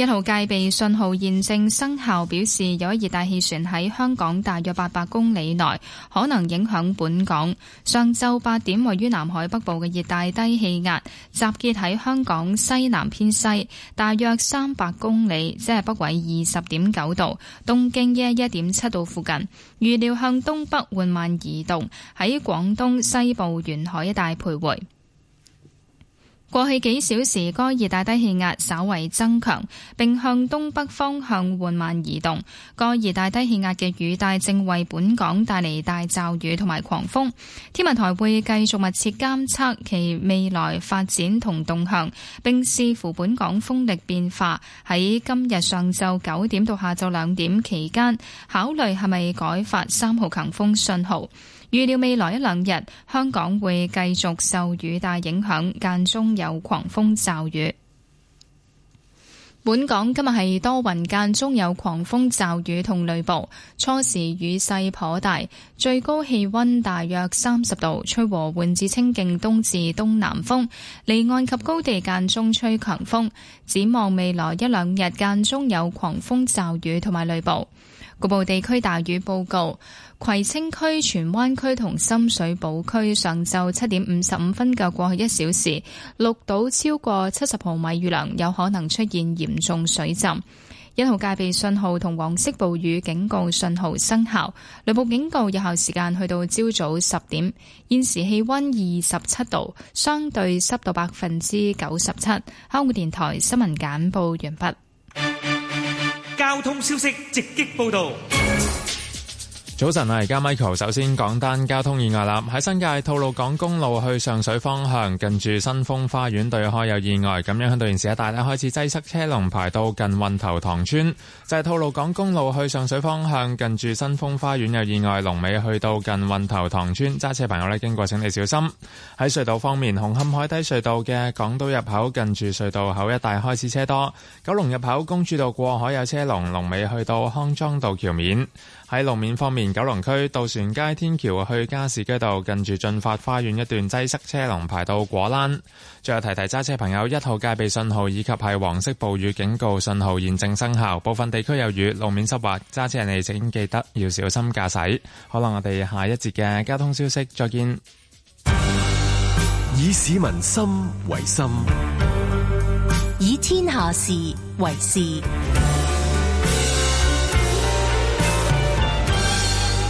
A: 一號戒備信號現正生效，表示有一熱帶氣旋喺香港大約八百公里內，可能影響本港。上晝八點，位於南海北部嘅熱帶低氣壓集結喺香港西南偏西大約三百公里，即係北緯二十點九度、東經一一點七度附近，預料向東北緩慢移動，喺廣東西部沿海一帶徘徊。過去幾小時，該熱帶低氣壓稍為增強，並向東北方向緩慢移動。該熱帶低氣壓嘅雨帶正為本港帶嚟大驟雨同埋狂風。天文台會繼續密切監測其未來發展同動向，並視乎本港風力變化，喺今日上晝九點到下晝兩點期間，考慮係咪改發三號強風信號。預料未來一兩日，香港會繼續受雨帶影響，間中有狂風驟雨。本港今日係多雲，間中有狂風驟雨同雷暴，初時雨勢頗大，最高氣溫大約三十度，吹和緩至清勁東至東南風，離岸及高地間中吹強風。展望未來一兩日，間中有狂風驟雨同埋雷暴。局部地區大雨報告，葵青區、荃灣區同深水埗區上晝七點五十五分嘅過去一小時，錄到超過七十毫米雨量，有可能出現嚴重水浸。一號戒備信號同黃色暴雨警告信號生效，雷暴警告有效時間去到朝早十點。現時氣溫二十七度，相對濕度百分之九十七。香港電台新聞簡報完畢。交通消息直擊報道。
C: 早晨啊！而家 Michael 首先講單交通意外啦，喺新界吐露港公路去上水方向，近住新豐花園對開有意外，咁樣喺度現時一帶，開始擠塞車龍排到近運頭塘村。就係吐露港公路去上水方向，近住新豐花園有意外，龍尾去到近運頭塘村，揸車朋友咧經過，請你小心。喺隧道方面，紅磡海底隧道嘅港島入口，近住隧道口一帶開始車多；九龍入口公主道過海有車龍，龍尾去到康莊道橋面。喺路面方面，九龍區渡船街天橋去加士居道近住駿發花園一段擠塞車龍排到果欄。最後提提揸車朋友，一號戒備信號以及係黃色暴雨警告信號現正生效，部分地區有雨，路面濕滑，揸車人哋，請記得要小心駕駛。可能我哋下一節嘅交通消息再見。
E: 以市民心為心，
C: 以天
H: 下事為事。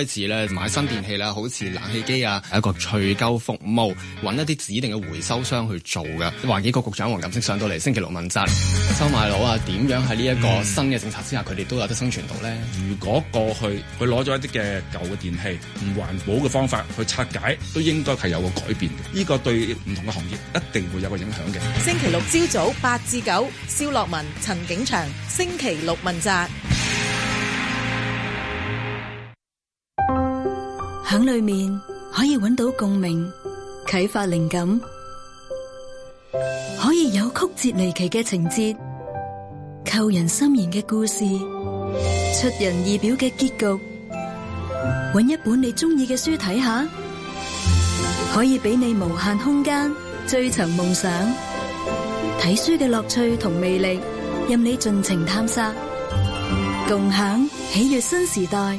E: 開始咧買新電器啦，好似冷氣機啊，有一個除舊服務，搵一啲指定嘅回收商去做嘅。環境局局長黃錦星上到嚟星期六問責，收買佬啊，點樣喺呢一個新嘅政策之下，佢哋、嗯、都有得生存到咧？如果過去佢攞咗一啲嘅舊
G: 嘅電器，唔環保嘅方法去拆解，都應該係有個改變嘅。呢、這個對唔同嘅行業一定會有個影響嘅。星
H: 期六朝早八至九，蕭洛汶、陳景祥，星期六問責。
A: 響裏面可以揾到共鳴、啟發靈感，可以有曲折離奇嘅情節、扣人心弦嘅故事、出人意表嘅結局。揾一本你中意嘅書睇下，可以俾你無限空間追尋夢想。睇書嘅樂趣同魅力，任你盡情探索，共享喜悅新時代。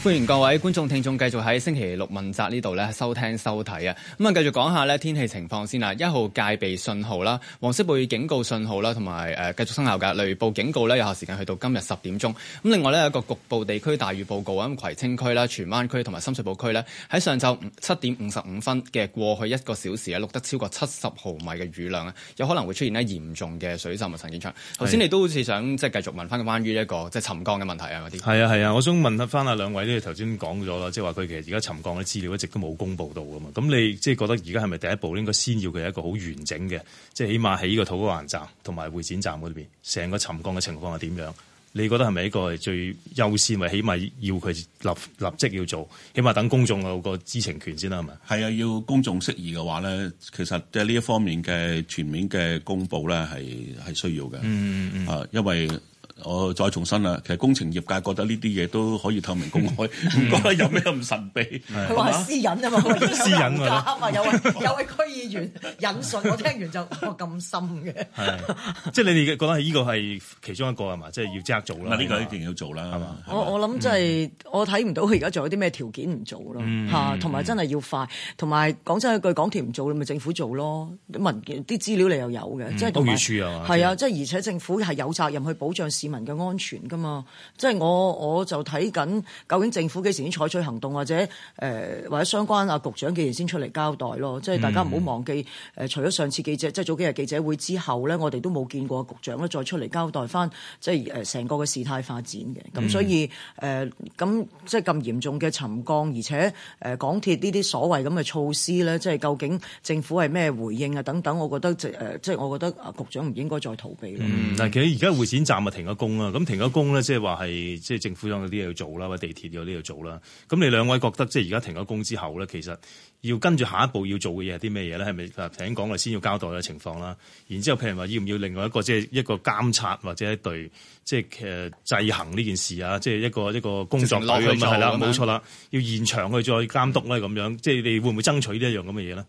E: 歡迎各位觀眾、聽眾繼續喺星期六問責這裏呢度呢，收聽收睇啊！咁、嗯、啊，繼續講一下呢天氣情況先啦。一號戒備信號啦，黃色暴雨警告信號啦，同埋誒繼續生效嘅雷暴警告呢，有效時間去到今日十點鐘。咁、嗯、另外呢，有一個局部地區大雨報告啊，咁、嗯、葵青區啦、荃灣區同埋深水埗區呢，喺上晝七點五十五分嘅過去一個小時咧錄得超過七十毫米嘅雨量啊，有可能會出現呢嚴重嘅水浸同埋沉景牆。頭先你都好似想是的 即係繼續問翻關於呢一個即係沉降嘅問題啊嗰啲。
F: 係啊係啊，我想問下翻啊兩位頭先講咗啦，即係話佢其實而家沉降嘅資料一直都冇公布到噶嘛，咁你即係覺得而家係咪第一步應該先要佢一個好完整嘅，即係起碼喺呢個土瓜灣站同埋會展站嗰邊，成個沉降嘅情況係點樣？你覺得係咪一個係最優先，咪起碼要佢立立即要做，起碼等公眾有個
G: 知情權先啦，係咪？係啊，要公眾適宜嘅話咧，其實即係呢一方面嘅全面嘅公布咧，係係需要嘅。嗯
F: 嗯
G: 嗯啊，因為。我再重申啦，其實工程業界覺得呢啲嘢都可以透明公開，唔覺得有咩咁神秘？佢話私
H: 隱啊嘛，私隱啊嘛，有位有位區議員引述，我聽完就我咁深嘅。
F: 係，即係你哋覺得係呢個係其中一個係嘛？即係要即刻做啦，呢個一
G: 定要做啦，係嘛？
H: 我我諗即係我睇唔到佢而家仲有啲咩條件唔做咯嚇，同埋真係要快，同埋講真一句，港鐵唔做你咪政府做咯，文件啲資料你又有嘅，即係公署啊嘛，係啊，即係而且政府係有責任去保障事市民嘅安全噶嘛，即係我我就睇緊究竟政府幾時先採取行動或者誒、呃、或者相關啊局長幾時先出嚟交代咯？即係大家唔好忘記誒、呃、除咗上次記者即係早幾日記者會之後咧，我哋都冇見過局長咧再出嚟交代翻，即係誒成個嘅事態發展嘅。咁所以誒咁、嗯呃、即係咁嚴重嘅沉降，而且誒、呃、港鐵呢啲所謂咁嘅措施咧，即係究竟政府係咩回應啊？等等，我覺得、呃、即誒即係我覺得啊局長唔應該再逃避咯。嗯，
F: 嗱，其實而家會展站時停咗。停工啦，咁停咗工咧，即係話係即係政府有啲嘢要做啦，或者地鐵有啲嘢要做啦。咁你兩位覺得即係而家停咗工之後咧，其實要跟住下一步要做嘅嘢係啲咩嘢咧？係咪請講嚟先，要交代嘅情況啦。然之後，譬如話要唔要另外一個即係一個監察或者一隊，即係誒執行呢件事啊，即係一個一個工作隊咁啊，係啦，冇錯啦，要現場去再監督咧，咁樣，即係你會唔會爭取呢一樣咁嘅嘢咧？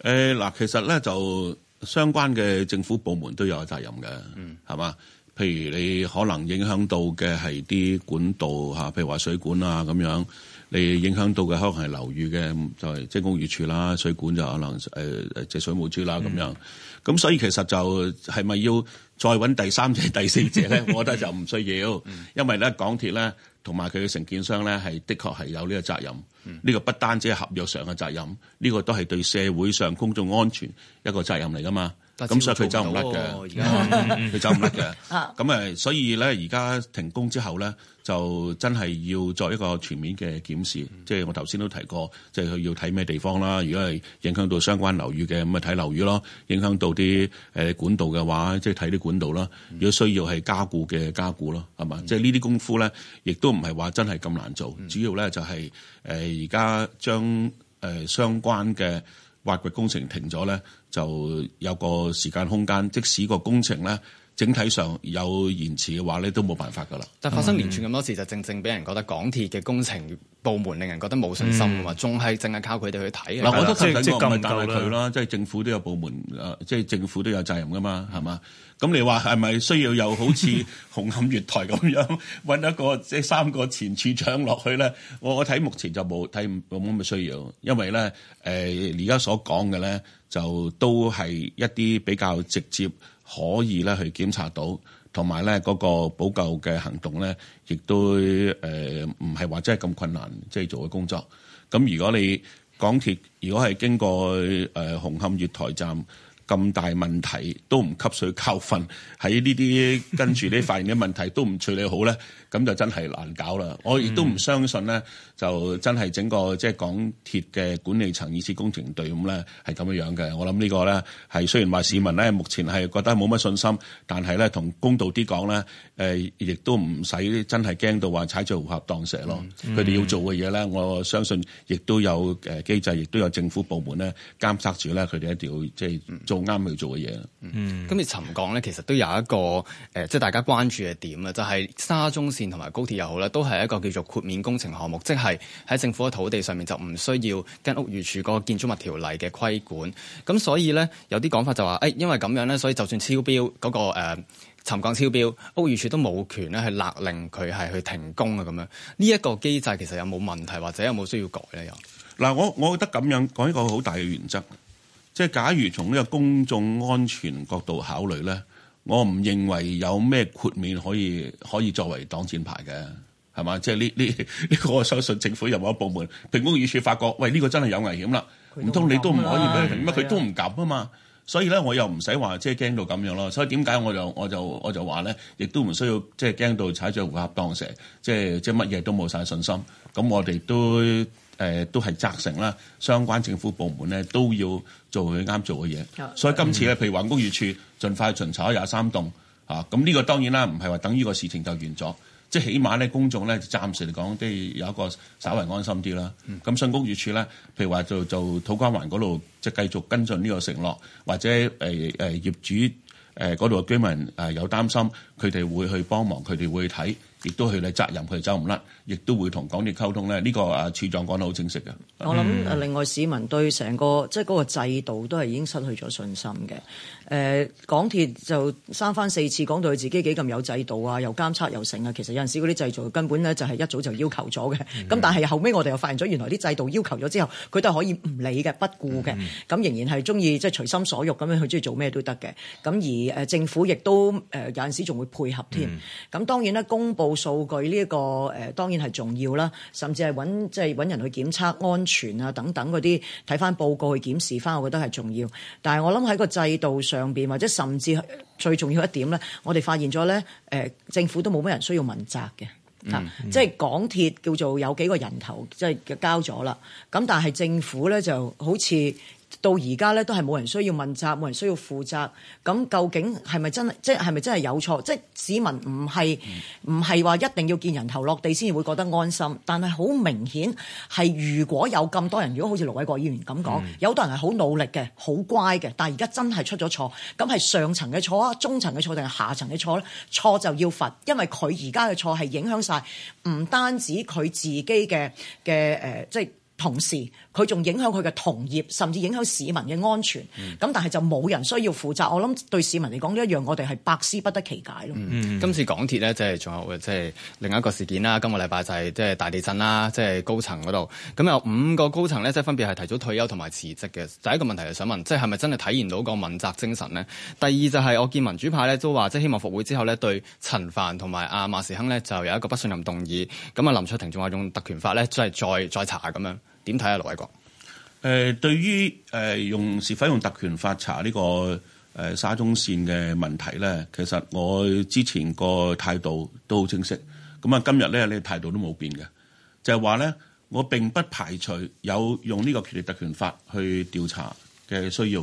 G: 誒，嗱，其實咧就相關嘅政府部門都有責任嘅，嗯，係嘛。譬如你可能影響到嘅係啲管道嚇，譬如話水管啊咁樣，你影響到嘅可能係樓宇嘅，就即係工業處啦、水管就可能誒即、呃、水務處啦咁樣。咁、嗯、所以其實就係咪要再揾第三者、第四者咧？我覺得就唔需要， *laughs* 因為咧港鐵咧同埋佢嘅承建商咧係的確係有呢個責任。呢、嗯、個不單止係合約上嘅責任，呢、這個都係對社會上公眾安全一個責任嚟噶嘛。咁所以佢走唔甩嘅，佢走唔甩嘅。咁所以咧而家停工之後咧，就真係要做一個全面嘅檢視。即係、嗯、我頭先都提過，即係佢要睇咩地方啦。如果係影響到相關樓宇嘅，咁咪睇樓宇咯；影響到啲、呃、管道嘅話，即係睇啲管道啦。嗯、如果需要係加固嘅，加固咯，係嘛？即係呢啲功夫咧，亦都唔係話真係咁難做。嗯、主要咧就係而家將、呃、相關嘅挖掘工程停咗咧。就有個時間空間，即使個工程咧整體上有延遲嘅話咧，都冇辦法噶啦。但係發生連串咁多事，嗯、就
E: 正正俾人覺得港鐵
G: 嘅工程部門令人覺得冇信心啊嘛，仲係
E: 淨係靠佢哋去睇。嗱、嗯，的我都即係咁大嘅啦，
G: 即係是政府都有部門啊，即係政府都有責任噶嘛，係嘛？咁你話係咪需要又好似紅磡月台咁樣搵 *laughs* 一個即係三個前處長落去咧？我我睇目前就冇睇冇咁嘅需要，因為咧誒而家所講嘅咧。就都係一啲比較直接可以咧去檢查到，同埋咧嗰個補救嘅行動咧，亦都唔係話真係咁困難，即係做嘅工作。咁如果你港鐵如果係經過誒、呃、紅磡月台站咁大問題都唔吸取教訓，喺呢啲跟住你發現嘅問題都唔處理好咧。 *laughs* 咁就真係難搞啦！我亦都唔相信咧，就真係整個即係港鐵嘅管理層二次工程隊伍咧，係咁樣樣嘅。我諗呢個咧係雖然話市民咧目前係覺得冇乜信心，但係咧同公道啲講咧，誒亦都唔使真係驚到話踩住胡合當蛇咯。佢哋、嗯、要做嘅嘢咧，我相信亦都有誒機制，亦都有政府部門咧監察住咧，佢哋一定要即係做啱佢做嘅嘢。嗯，
E: 咁而沉降咧，其實都有一個誒即係大家關注嘅點啊，就係、是、沙中線。同埋高鐵又好咧，都係一個叫做豁免工程項目，即係喺政府嘅土地上面就唔需要跟屋宇署嗰個建築物條例嘅規管。咁所以咧，有啲講法就話，誒、哎，因為咁樣咧，所以就算超標嗰、嗰個誒、呃、沉降超標屋宇署都冇權咧去勒令佢
G: 係去停工啊咁樣呢一、這個機制其實有冇問題或者有冇需要改咧？又嗱，我我覺得咁樣講一個好大嘅原則，即係假如從呢個公眾安全角度考慮咧。我唔認為有咩豁免可以可以作為擋箭牌嘅，係嘛？即係呢呢呢個，我相信政府任何一部門平空於是發覺，喂呢、呢個真係有危險啦，唔通你都唔可以咩咩，佢、啊、都唔敢嘛是啊嘛。所以咧，我又唔使話即係驚到咁樣咯。所以點解我就我就我就話咧，亦都唔需要即係驚到踩著烏合當蛇，即係即係乜嘢都冇晒信心。咁我哋都。誒、呃、都係責成啦，相關政府部門咧都要做佢啱做嘅嘢，有所以今次咧，嗯、譬如話屋宇署，盡快巡查廿三棟，咁、啊、呢個當然啦，唔係話等呢個事情就完咗，即係起碼咧公眾咧暫時嚟講，即係有一個稍微安心啲啦。咁、嗯、信屋宇署咧，譬如話就就，就土瓜灣嗰度即係繼續跟進呢個承諾，或者誒誒、呃、業主嗰度嘅居民、呃、有擔心，佢哋會去幫忙，佢哋會睇。亦都去嘅責任，佢走唔甩，亦都會同港鐵溝通咧。呢個啊處長講得好清晰嘅。我諗
H: 誒，另外市民對成個即係嗰個制度都係已經失去咗信心嘅。誒、呃、港鐵就三番四次講到佢自己幾咁有制度啊，又監測又成啊，其實有陣時嗰啲制度根本咧就係一早就要求咗嘅。咁、mm hmm. 但係後尾我哋又發現咗，原來啲制度要求咗之後，佢都可以唔理嘅、不顧嘅。咁、mm hmm. 仍然係中意即係隨心所欲咁樣去中意做咩都得嘅。咁而誒政府亦都誒有陣時仲會配合添。咁、mm hmm. 當然咧，公布數據呢、這、一個誒、呃、當然係重要啦，甚至係搵即係搵人去檢測安全啊等等嗰啲，睇翻報告去檢視翻，我覺得係重要。但係我諗喺個制度上上邊或者甚至最重要一點咧，我哋發現咗咧，誒、呃、政府都冇乜人需要問責嘅，啊、嗯，即係港鐵叫做有幾個人頭即係、就是、交咗啦，咁但係政府咧就好似，到而家咧都係冇人需要問責，冇人需要負責。咁究竟係咪真？即係咪真係有錯？即係市民唔係唔係話一定要見人頭落地先會覺得安心。但係好明顯係如果有咁多人，如果好似盧偉國議員咁講，嗯、有多人係好努力嘅、好乖嘅，但而家真係出咗錯。咁係上層嘅錯啊，中層嘅錯定係下層嘅錯咧？錯就要罰，因為佢而家嘅錯係影響晒唔單止佢自己嘅嘅、呃、即係同事。佢仲影響佢嘅同業，甚至影響市民嘅安全。咁、嗯、但係就冇人需要負責。我諗對市民嚟講呢一樣，我哋係百思不得其解咯。嗯嗯嗯、
E: 今次港鐵咧，即係仲有即係、就是、另一個事件啦。今個禮拜就係即係大地震啦，即、就、係、是、高層嗰度咁有五個高層咧，即、就、係、是、分別係提早退休同埋辭職嘅。第一個問題就想問，即係係咪真係體現到個問責精神咧？第二就係我見民主派咧都話，即係希望復會之後咧對陳帆同埋阿馬時亨咧就有一個不信任動議。咁啊，林卓廷仲話用特權法咧，即、就、係、是、再再查咁樣。點睇啊，盧偉國？
G: 誒、呃，對於誒、呃、用是否用特權法查呢、這個誒、呃、沙中線嘅問題咧，其實我之前個態度都好清晰。咁、嗯、啊，今日咧，呢個態度都冇變嘅，就係話咧，我並不排除有用呢個權力特權法去調查嘅需要。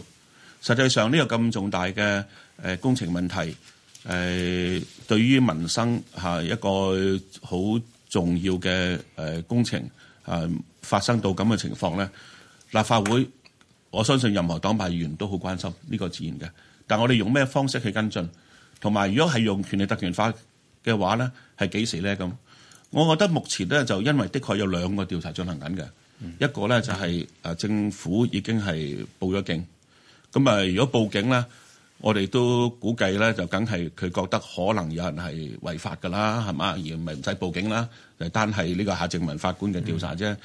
G: 實際上呢個咁重大嘅誒、呃、工程問題，誒、呃、對於民生係、啊、一個好重要嘅誒、呃、工程啊。發生到咁嘅情況咧，立法會我相信任何黨派議員都好關心呢，呢個自然嘅，但我哋用咩方式去跟進，同埋如果係用權力特權法嘅話咧，係幾時咧咁？我覺得目前咧就因為的確有兩個調查進行緊嘅，嗯、一個咧就係，是嗯啊、政府已經係報咗警，咁啊如果報警咧。我哋都估計咧，就梗係佢覺得可能有人係違法噶啦，係嘛而唔係唔使報警啦。就單係呢個夏正文法官嘅調查啫，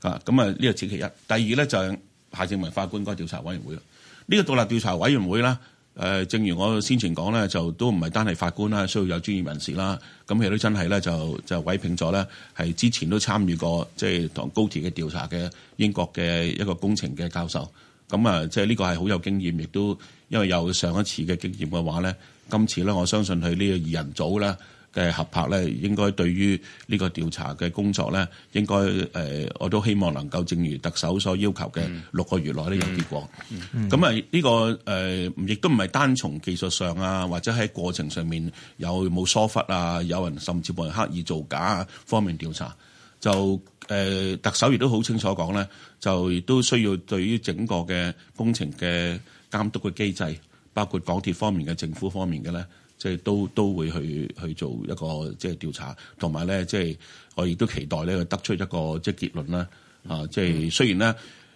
G: 嗯、啊咁啊呢個此其一。第二咧就是、夏正文法官個調查委員會啦。呢、這個獨立調查委員會啦，誒、呃、正如我先前講咧，就都唔係單係法官啦，需要有專業人士啦。咁、嗯、亦都真係咧就就委聘咗咧，係之前都參與過即係同高鐵嘅調查嘅英國嘅一個工程嘅教授。咁、嗯、啊，即係呢個係好有經驗，亦都。因為有上一次嘅經驗嘅話咧，今次咧我相信佢呢個二人組咧嘅合拍咧，應該對於呢個調查嘅工作咧，應該誒我都希望能夠，正如特首所要求嘅六個月內咧有結果。咁啊、嗯，呢、嗯嗯呢個誒、呃、亦都唔係單從技術上啊，或者喺過程上面有冇疏忽啊，有人甚至乎刻意造假方面調查，就誒、呃、特首亦都好清楚講咧，就亦都需要對於整個嘅工程嘅。監督嘅機制，包括港鐵方面嘅、政府方面嘅咧，即係都都會去去做一個即係調查，同埋咧即係我亦都期待咧，佢得出一個即係結論啦。啊，即係雖然咧。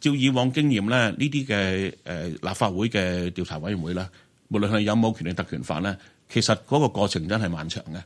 G: 照以往經驗咧，呢啲嘅誒立法會嘅調查委員會咧，無論係有冇權力特權法咧，其實嗰個過程真係漫長嘅。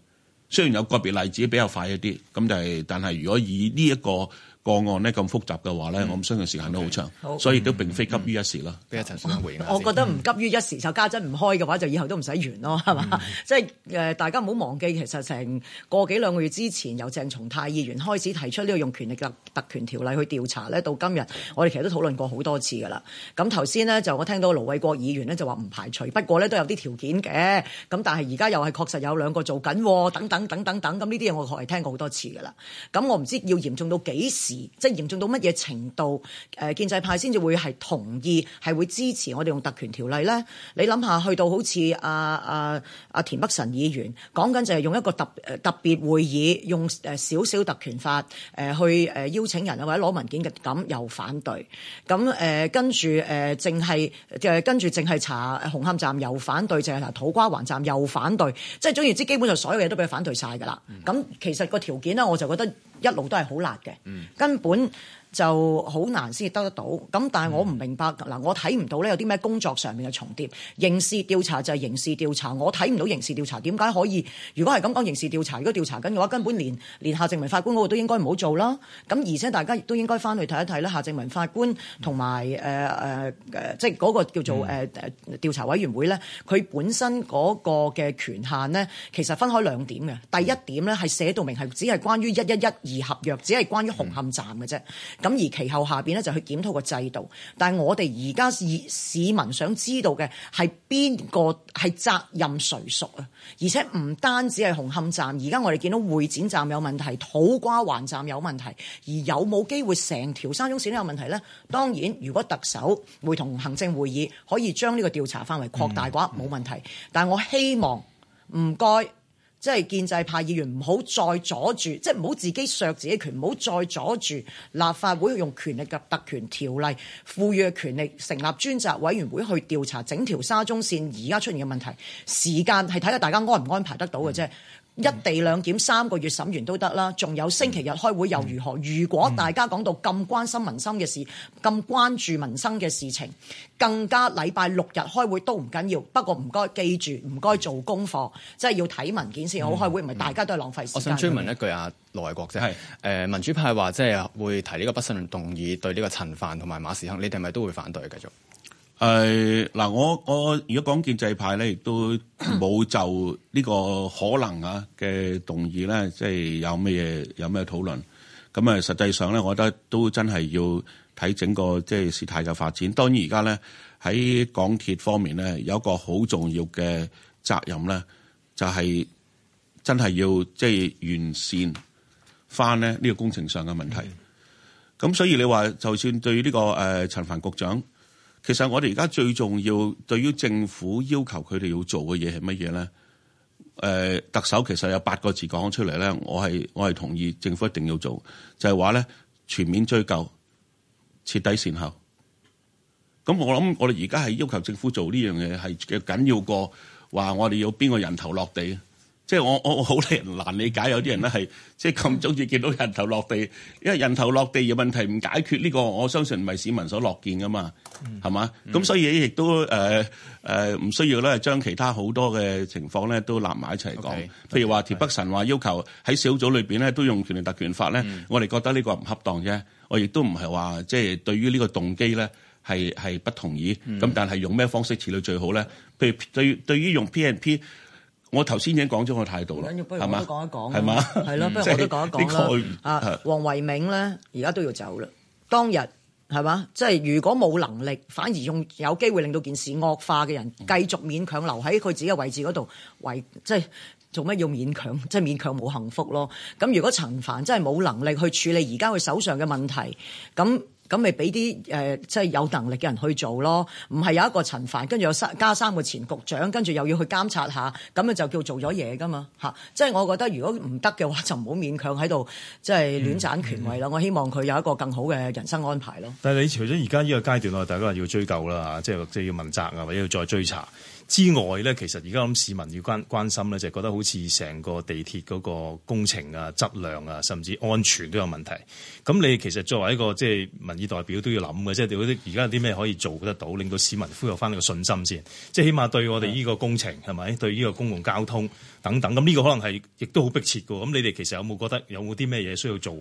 G: 雖然有個別例子比較快一啲，咁就係，但係如果以呢一個個案咧咁複雜嘅話咧，嗯、我唔相信時間都好長，好嗯、所以都並非急於一時啦。俾、嗯嗯嗯、
H: 阿陳生回我覺得唔急於一時，嗯、就家陣唔開嘅話，就以後都唔使完咯，係嘛？嗯、即係、呃、大家唔好忘記，其實成個幾兩個月之前，由鄭松泰議員開始提出呢、呢個用權力特特權條例去調查咧，到今日我哋其實都討論過好多次㗎啦。咁頭先咧就我聽到盧偉國議員咧就話唔排除，不過咧都有啲條件嘅。咁但係而家又係確實有兩個做緊，等等等等等。咁呢啲嘢我係聽過好多次㗎啦。咁我唔知要嚴重到幾時。即係嚴重到乜嘢程度？誒，建制派先至會係同意，係會支持我哋用特權條例咧？你諗下去到好似阿阿阿田北辰議員講緊就係用一個特、呃、特別會議，用誒少少特權法誒、呃、去誒、呃、邀請人或者攞文件嘅，咁又反對。咁誒跟住誒，淨係誒跟住淨係查紅磡站又反對，淨係查土瓜灣站又反對。即係總言之，基本上所有嘢都俾佢反對晒㗎啦。咁、嗯、其實個條件咧，我就覺得，一路都係好辣嘅，嗯、根本。就好難先得得到，咁但係我唔明白嗱，我睇唔到咧有啲咩工作上面嘅重疊，刑事調查就係刑事調查，我睇唔到刑事調查點解可以？如果係咁講刑事調查，如果調查緊嘅話，根本連連夏正民法官嗰度都應該唔好做啦。咁而且大家亦都應該翻去睇一睇咧，夏正民法官同埋誒誒即係嗰個叫做誒誒、呃、調查委員會咧，佢本身嗰個嘅權限咧，其實分開兩點嘅。第一點咧係寫到明係只係關於一一一二合約，只係關於紅磡站嘅啫。咁而其後下邊咧就去檢討個制度，但係我哋而家市市民想知道嘅係邊個係責任誰屬啊？而且唔單止係紅磡站，而家我哋見到會展站有問題，土瓜灣站有問題，而有冇機會成條沙中綫都有問題呢？當然，如果特首會同行政會議可以將呢個調查範圍擴大嘅話，冇、嗯嗯、問題。但我希望唔該。即係建制派議員唔好再阻住，即係唔好自己削自己權，唔好再阻住立法會用權力及特權條例賦予嘅權力成立專責委員會去調查整條沙中線而家出現嘅問題。時間係睇下大家安唔安排得到嘅啫。嗯嗯、一地兩檢三個月審完都得啦，仲有星期日開會又如何？嗯嗯、如果大家講到咁關心民生嘅事，咁、嗯、關注民生嘅事情，更加禮拜六日開會都唔緊要。不過唔該，記住唔該做功課，即係要睇文件先好開會，唔係、嗯、大家都係浪費時間。我想追問一
E: 句啊，盧偉國啫，誒民主派話即係會提呢個不信任動議對呢個陳帆同埋馬時亨，你哋係咪都會反對繼續？
G: 誒嗱、呃，我我如果講建制派咧，亦都冇就呢個可能啊嘅動議咧， *coughs* 即係有咩嘢有咩討論。咁啊，實際上咧，我覺得都真係要睇整個即係事態嘅發展。當然而家咧，喺港鐵方面咧，有一個好重要嘅責任咧，就係、是、真係要即係完善翻咧呢個工程上嘅問題。咁、嗯、所以你話，就算對呢、這個誒、呃、陳帆局長。其實我哋而家最重要對於政府要求佢哋要做嘅嘢係乜嘢呢？誒、呃、特首其實有八個字講出嚟咧，我係我係同意政府一定要做，就係話咧全面追究、徹底善後。咁我諗我哋而家係要求政府做呢樣嘢係嘅緊要過話我哋要邊個人頭落地。即係我我我好難理解有啲人咧係即係咁早至見到人頭落地，因為人頭落地嘅問題唔解決呢個，我相信唔係市民所樂見噶嘛，係嘛？咁所以亦都誒誒唔需要咧，將其他好多嘅情況咧都攬埋一齊講。譬如話，田北辰話要求喺小組裏邊咧都用權力特權法咧，我哋覺得呢個唔恰當啫。我亦都唔係話即係對於呢個動機咧係係不同意咁，但係用咩方式處理最好咧？譬如對對於用 P n P。我頭先已經講咗我態度啦，係嘛？不如講一講，係嘛？係咯，不如我都講一講、這
H: 個、啊，黃唯銘咧，而家都要走啦。當日係嘛？即係、就是、如果冇能力，反而用有機會令到件事惡化嘅人，繼續勉強留喺佢自己嘅位置嗰度，為即係做咩要勉強？即、就、係、是、勉強冇幸福咯。咁如果陳帆真係冇能力去處理而家佢手上嘅問題，咁。咁咪俾啲誒，即係有能力嘅人去做咯，唔係有一個陳凡，跟住有三加三個前局長，跟住又要去監察下，咁樣就叫做咗嘢噶嘛嚇。即係我覺得，如果唔得嘅話，就唔好勉強喺度即係亂攢權位啦、嗯嗯、我希望佢有一個更好嘅人生安排咯。嗯嗯、
F: 但係，你除咗而家呢個階段，我哋大家要追究啦，即係即係要問責啊，或者要再追查，之外咧，其實而家市民要關關心咧，就係、覺得好似成個地鐵嗰個工程啊、質量啊，甚至安全都有問題。咁你其實作為一個即係民意代表都要諗嘅，即係嗰啲而家有啲咩可以做得到，令到市民恢復翻呢個信心先。即係起碼對我哋呢個工程係咪、嗯、對呢個公共交通等等，咁呢個可能係亦都好迫切嘅。咁你哋其實有冇覺得有冇啲咩嘢需要做？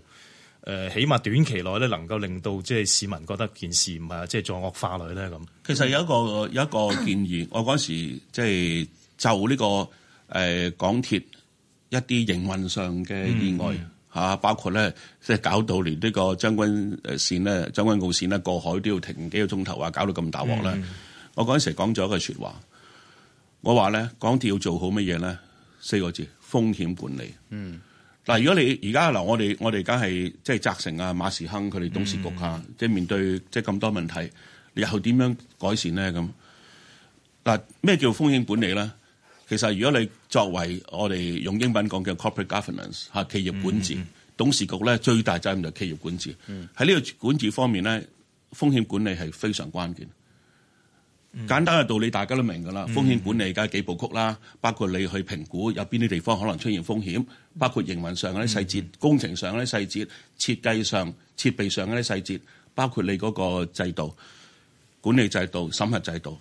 F: 誒、呃，起碼短期內咧，能夠令到即係市民覺得件事唔係即係再惡化落去咧咁。嗯、
G: 其實有一個有一個建議， *coughs* 我嗰時即係就呢、就呢個誒、呃、港鐵一啲營運上嘅意外嚇，嗯、包括咧即係搞到連呢個將軍誒線咧、將軍澳線咧過海都要停幾個鐘頭啊，搞到咁大鑊咧。嗯、我嗰陣時講咗一句説話，我話咧港鐵要做好乜嘢咧？四個字風險管理。嗯。嗱，如果你而家嗱，我哋我哋而家係即係責成啊、馬時亨佢哋董事局啊，即係、mm hmm. 面對即係咁多問題，你日後點樣改善咧？咁嗱，咩叫風險管理咧？其實如果你作為我哋用英文講嘅 corporate governance 嚇企業管治董事局咧，最大責任就係企業管治。喺、mm hmm. 呢個管、mm hmm. 個管治方面咧，風險管理係非常關鍵。簡單嘅道理大家都明噶啦，風險管理而家幾部曲啦，包括你去評估有邊啲地方可能出現風險，包括營運上嗰啲細節、工程上嗰啲細節、設計上、設備上嗰啲細節，包括你嗰個制度、管理制度、審核制度。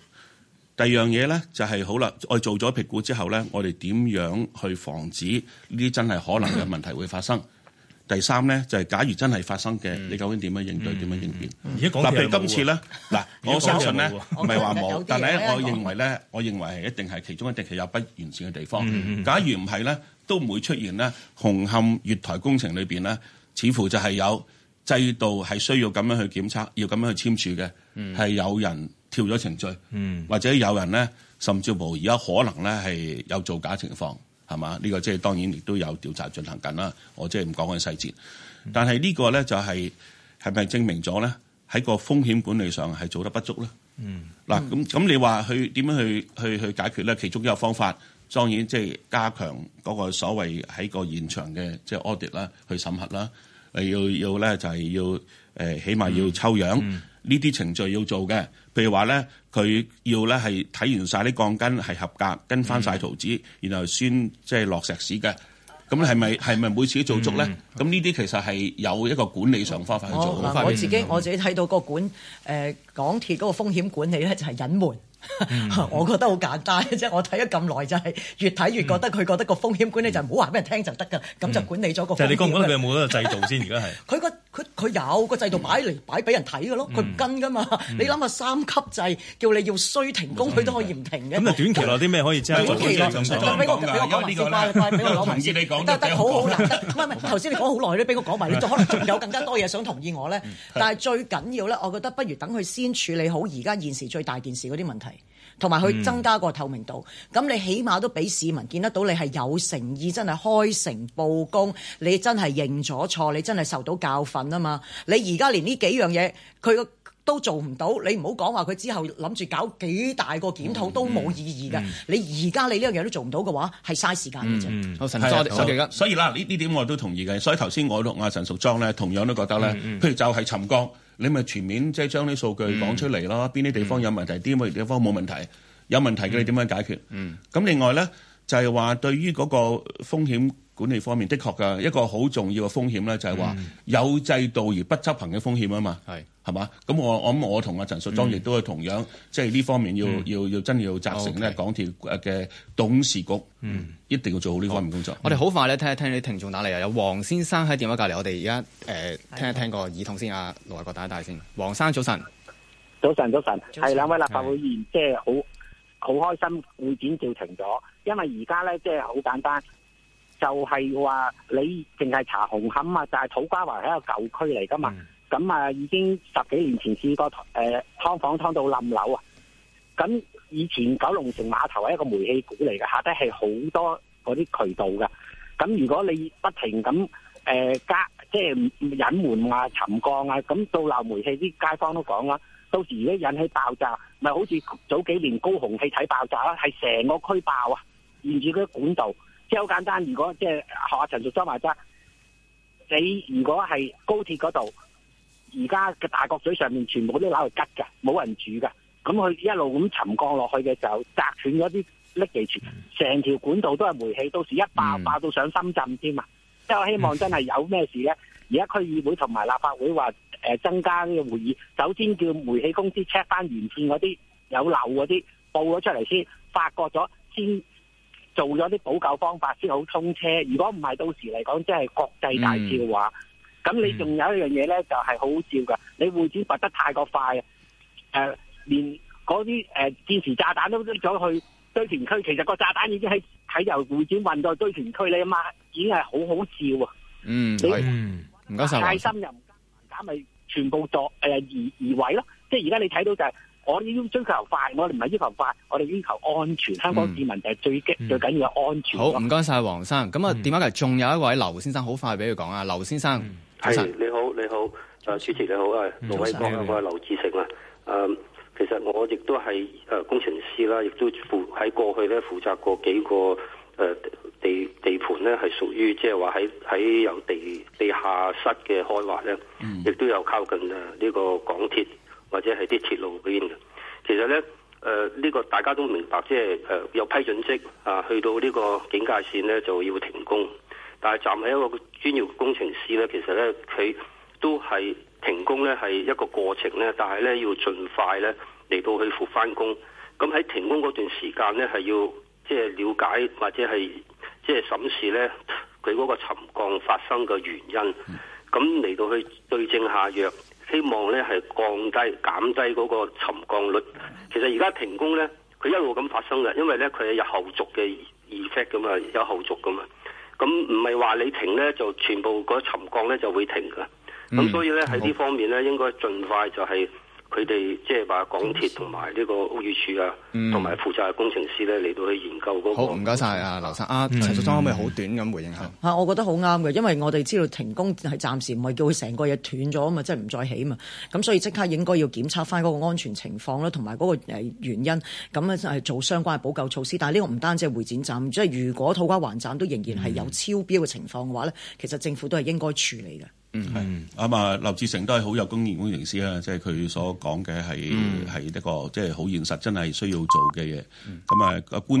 G: 第二樣嘢咧就係、是、好啦，我做咗評估之後咧，我哋點樣去防止呢啲真係可能嘅問題會發生？ *laughs* 第三咧就係，假如真係發生嘅，你究竟點樣應對？點樣應變？嗱，你今次咧，嗱，我相信咧，唔係話冇，但係咧，我認為咧，我認為係一定係其中一定係有不完善嘅地方。假如唔係咧，都唔會出現咧紅磡月台工程裏邊咧，似乎就係有制度係需要咁樣去檢測，要咁樣去簽署嘅，係有人跳咗程序，或者有人咧，甚至乎而家可能咧係有造假情況。係嘛？呢、這個即、就、係、是、當然亦都有調查進行緊啦。我即係唔講緊細節。嗯、但係呢個咧就係係咪證明咗咧喺個風險管理上係做得不足咧？嗯。嗱，咁咁、嗯、你話去點樣去去去解決咧？其中一個方法當然即係加強嗰個所謂喺個現場嘅即係 audit 啦，就是、aud 去審核啦。要要咧就係、是、要誒、呃，起碼要抽樣，呢啲、嗯嗯、程序要做嘅。譬如話咧，佢要咧係睇完晒啲鋼筋係合格，跟翻晒圖紙，然後先即係落石屎嘅。咁係咪係咪每次都做足咧？咁呢啲其實係有一個管理上方法去做好我，我，我自己我自
H: 己睇到嗰個管誒、呃、港鐵嗰個風險管理咧，就係隱瞞。我覺得好簡單，即啫，我睇咗咁耐，就係越睇越覺得佢覺得個風險管理就係唔好話俾人聽就得㗎，咁就管理咗個。就係你剛講嘅有
F: 冇一個制度先？而家係
H: 佢個佢佢有個制度擺嚟擺俾人睇㗎咯，佢跟㗎嘛。你諗下三級制，叫你要需停工，佢都可以唔停嘅。咁啊，短期
F: 內啲咩可以即係短期內，俾我俾我講埋先，快啲快啲俾我攞埋先。
B: 得得好好，得
H: 唔頭先你講好耐俾我講埋。你可能仲有更加多嘢想同意我咧。但係最緊要咧，我覺得不如等佢先處理好而家現時最大件事嗰啲問題。同埋佢增加個透明度，咁你起碼都俾市民見得到，你係有誠意，真係開誠佈公，你真係認咗錯，你真係受到教訓啊嘛！你而家連呢幾樣嘢佢個都做唔到，你唔好講話佢之後諗住搞幾大個檢討都冇意義㗎。你而家你呢樣嘢都做唔到嘅話，係嘥時間嘅
G: 啫。陳叔，我哋我哋而家所以啦，呢呢點我都同意嘅。所以頭先我同阿陳淑莊咧同樣都覺得咧，譬如就係沉江。你咪全面，即係將啲數據講出嚟咯。邊啲地方有問題，啲乜、嗯、地方冇問題？有問題嘅、嗯、你點樣解決？咁、嗯、另外咧，就係、是、話對於 𠮶 個風險，管理方面，的確嘅一個好重要嘅風險咧，就係話有制度而不執行嘅風險啊嘛。係、嗯，係嘛？咁我咁我同阿陳淑莊亦都係同樣，嗯、即係呢方面要、嗯、要要真要責成咧港鐵嘅董事局，嗯、一定要做好呢方面工作。我哋
E: 好快咧，聽一聽你聽眾打嚟啊！有黃先生喺電話隔籬，我哋而家誒聽一聽個耳筒先。啊，盧偉國打一打先。黃生早晨，早晨，早晨早晨，係
B: 兩位立法會議員，是即係好好開心會展叫停咗，因為而家咧即係好簡單。就係話你淨係查紅磡啊，但、就、係、是、土瓜灣係一個舊區嚟㗎嘛，咁啊、嗯、已經十幾年前試過誒劏、呃、房劏到冧樓啊。咁以前九龍城碼頭係一個煤氣股嚟嘅，下低係好多嗰啲渠道㗎。咁如果你不停咁誒、呃、加，即係隱瞞啊、沉降啊，咁倒漏煤氣，啲街坊都講啦。到時如果引起爆炸，咪好似早幾年高雄氣體爆炸啦，係成個區爆啊，沿住嗰啲管道。即係好簡單，如果即係學阿陳淑莊話齋，你如果係高鐵嗰度，而家嘅大角咀上面全部都攞嚟吉㗎，冇人住㗎。咁佢一路咁沉降落去嘅時候，砸斷嗰啲拎地柱，成條管道都係煤氣，到時一爆爆到上深圳添啊！即係、mm. 我希望真係有咩事咧，而家區議會同埋立法會話誒增加呢個會議，首先叫煤氣公司 check 翻原線嗰啲有漏嗰啲報咗出嚟先，發覺咗先。做咗啲補救方法先好通車，如果唔係，到時嚟講真係國際大笑話，咁、嗯、你仲有一樣嘢咧，就係好好笑噶，你會展發得太過快，誒、呃、連嗰啲誒戰時炸彈都拎咗去堆填區，其實個炸彈已經喺喺由會展運到堆填區咧嘛，已經係好好笑啊！嗯，唔你、嗯、太深入，唔咪、嗯、全部作誒、呃、移移位咯，即係而家你睇到就係、是。我已經追求快，我唔係要求快，我哋要，要求安全。香港
E: 市民就最急、嗯、最緊要嘅安全。好，唔該晒黃生。咁啊，電話嚟，仲有一位劉先生，好快俾佢講啊，劉先生。係、嗯、上
D: 你好，你好，啊，主持你好啊，盧偉國啊，我係劉志成啊。誒，其實我亦都係誒工程師啦，亦、啊、都負喺過去咧負責過幾個誒地地盤咧，係屬於即係話喺喺有地地下室嘅開挖咧，亦、啊、都有靠近啊呢、這個港鐵。或者係啲鐵路邊嘅，其實咧，誒、呃、呢、呢個大家都明白，即係有批准即啊，去到這個境界呢個警戒線咧就要停工。但係站喺一個專業工程師咧，其實咧佢都係停工咧係一個過程咧，但係咧要盡快咧嚟到去復翻工。咁喺停工嗰段時間咧係要即係了解或者係即係審視咧佢嗰個沉降發生嘅原因，咁嚟到去對症下藥。希望咧係降低減低嗰個沉降率。其實而家停工咧，佢一路咁發生嘅，因為咧佢係有後續嘅熱熱跡㗎嘛，有後續咁嘛。咁唔係話你停咧就全部嗰沉降咧就會停㗎。咁
F: 所以咧喺呢、嗯、方
D: 面咧好應該盡快就係、是。佢哋即係話港鐵同埋呢個屋宇署啊，同埋、嗯、負
E: 責嘅工程師咧嚟到去研究嗰個。好，唔該晒啊，盧生啊，陳淑莊可唔可以好短咁回應下？嚇、嗯，我覺得好啱嘅，因為我
H: 哋知道停工係暫時，唔係叫佢成個嘢斷咗啊嘛，即係唔再起啊嘛。咁所以即刻應該要檢測翻嗰個安全情況啦，同埋嗰個原因。咁啊，係做相關嘅補救措施。但係呢個唔單止係會展站，即係如果土瓜灣站都仍然係有超標嘅情況嘅話咧，嗯、其實政府都係應該處理嘅。
G: 嗯，係，咁啊，劉志成都係好有工業工程師啦，即係佢所講嘅係係一個即係好現實真係需要做嘅嘢，咁啊個觀。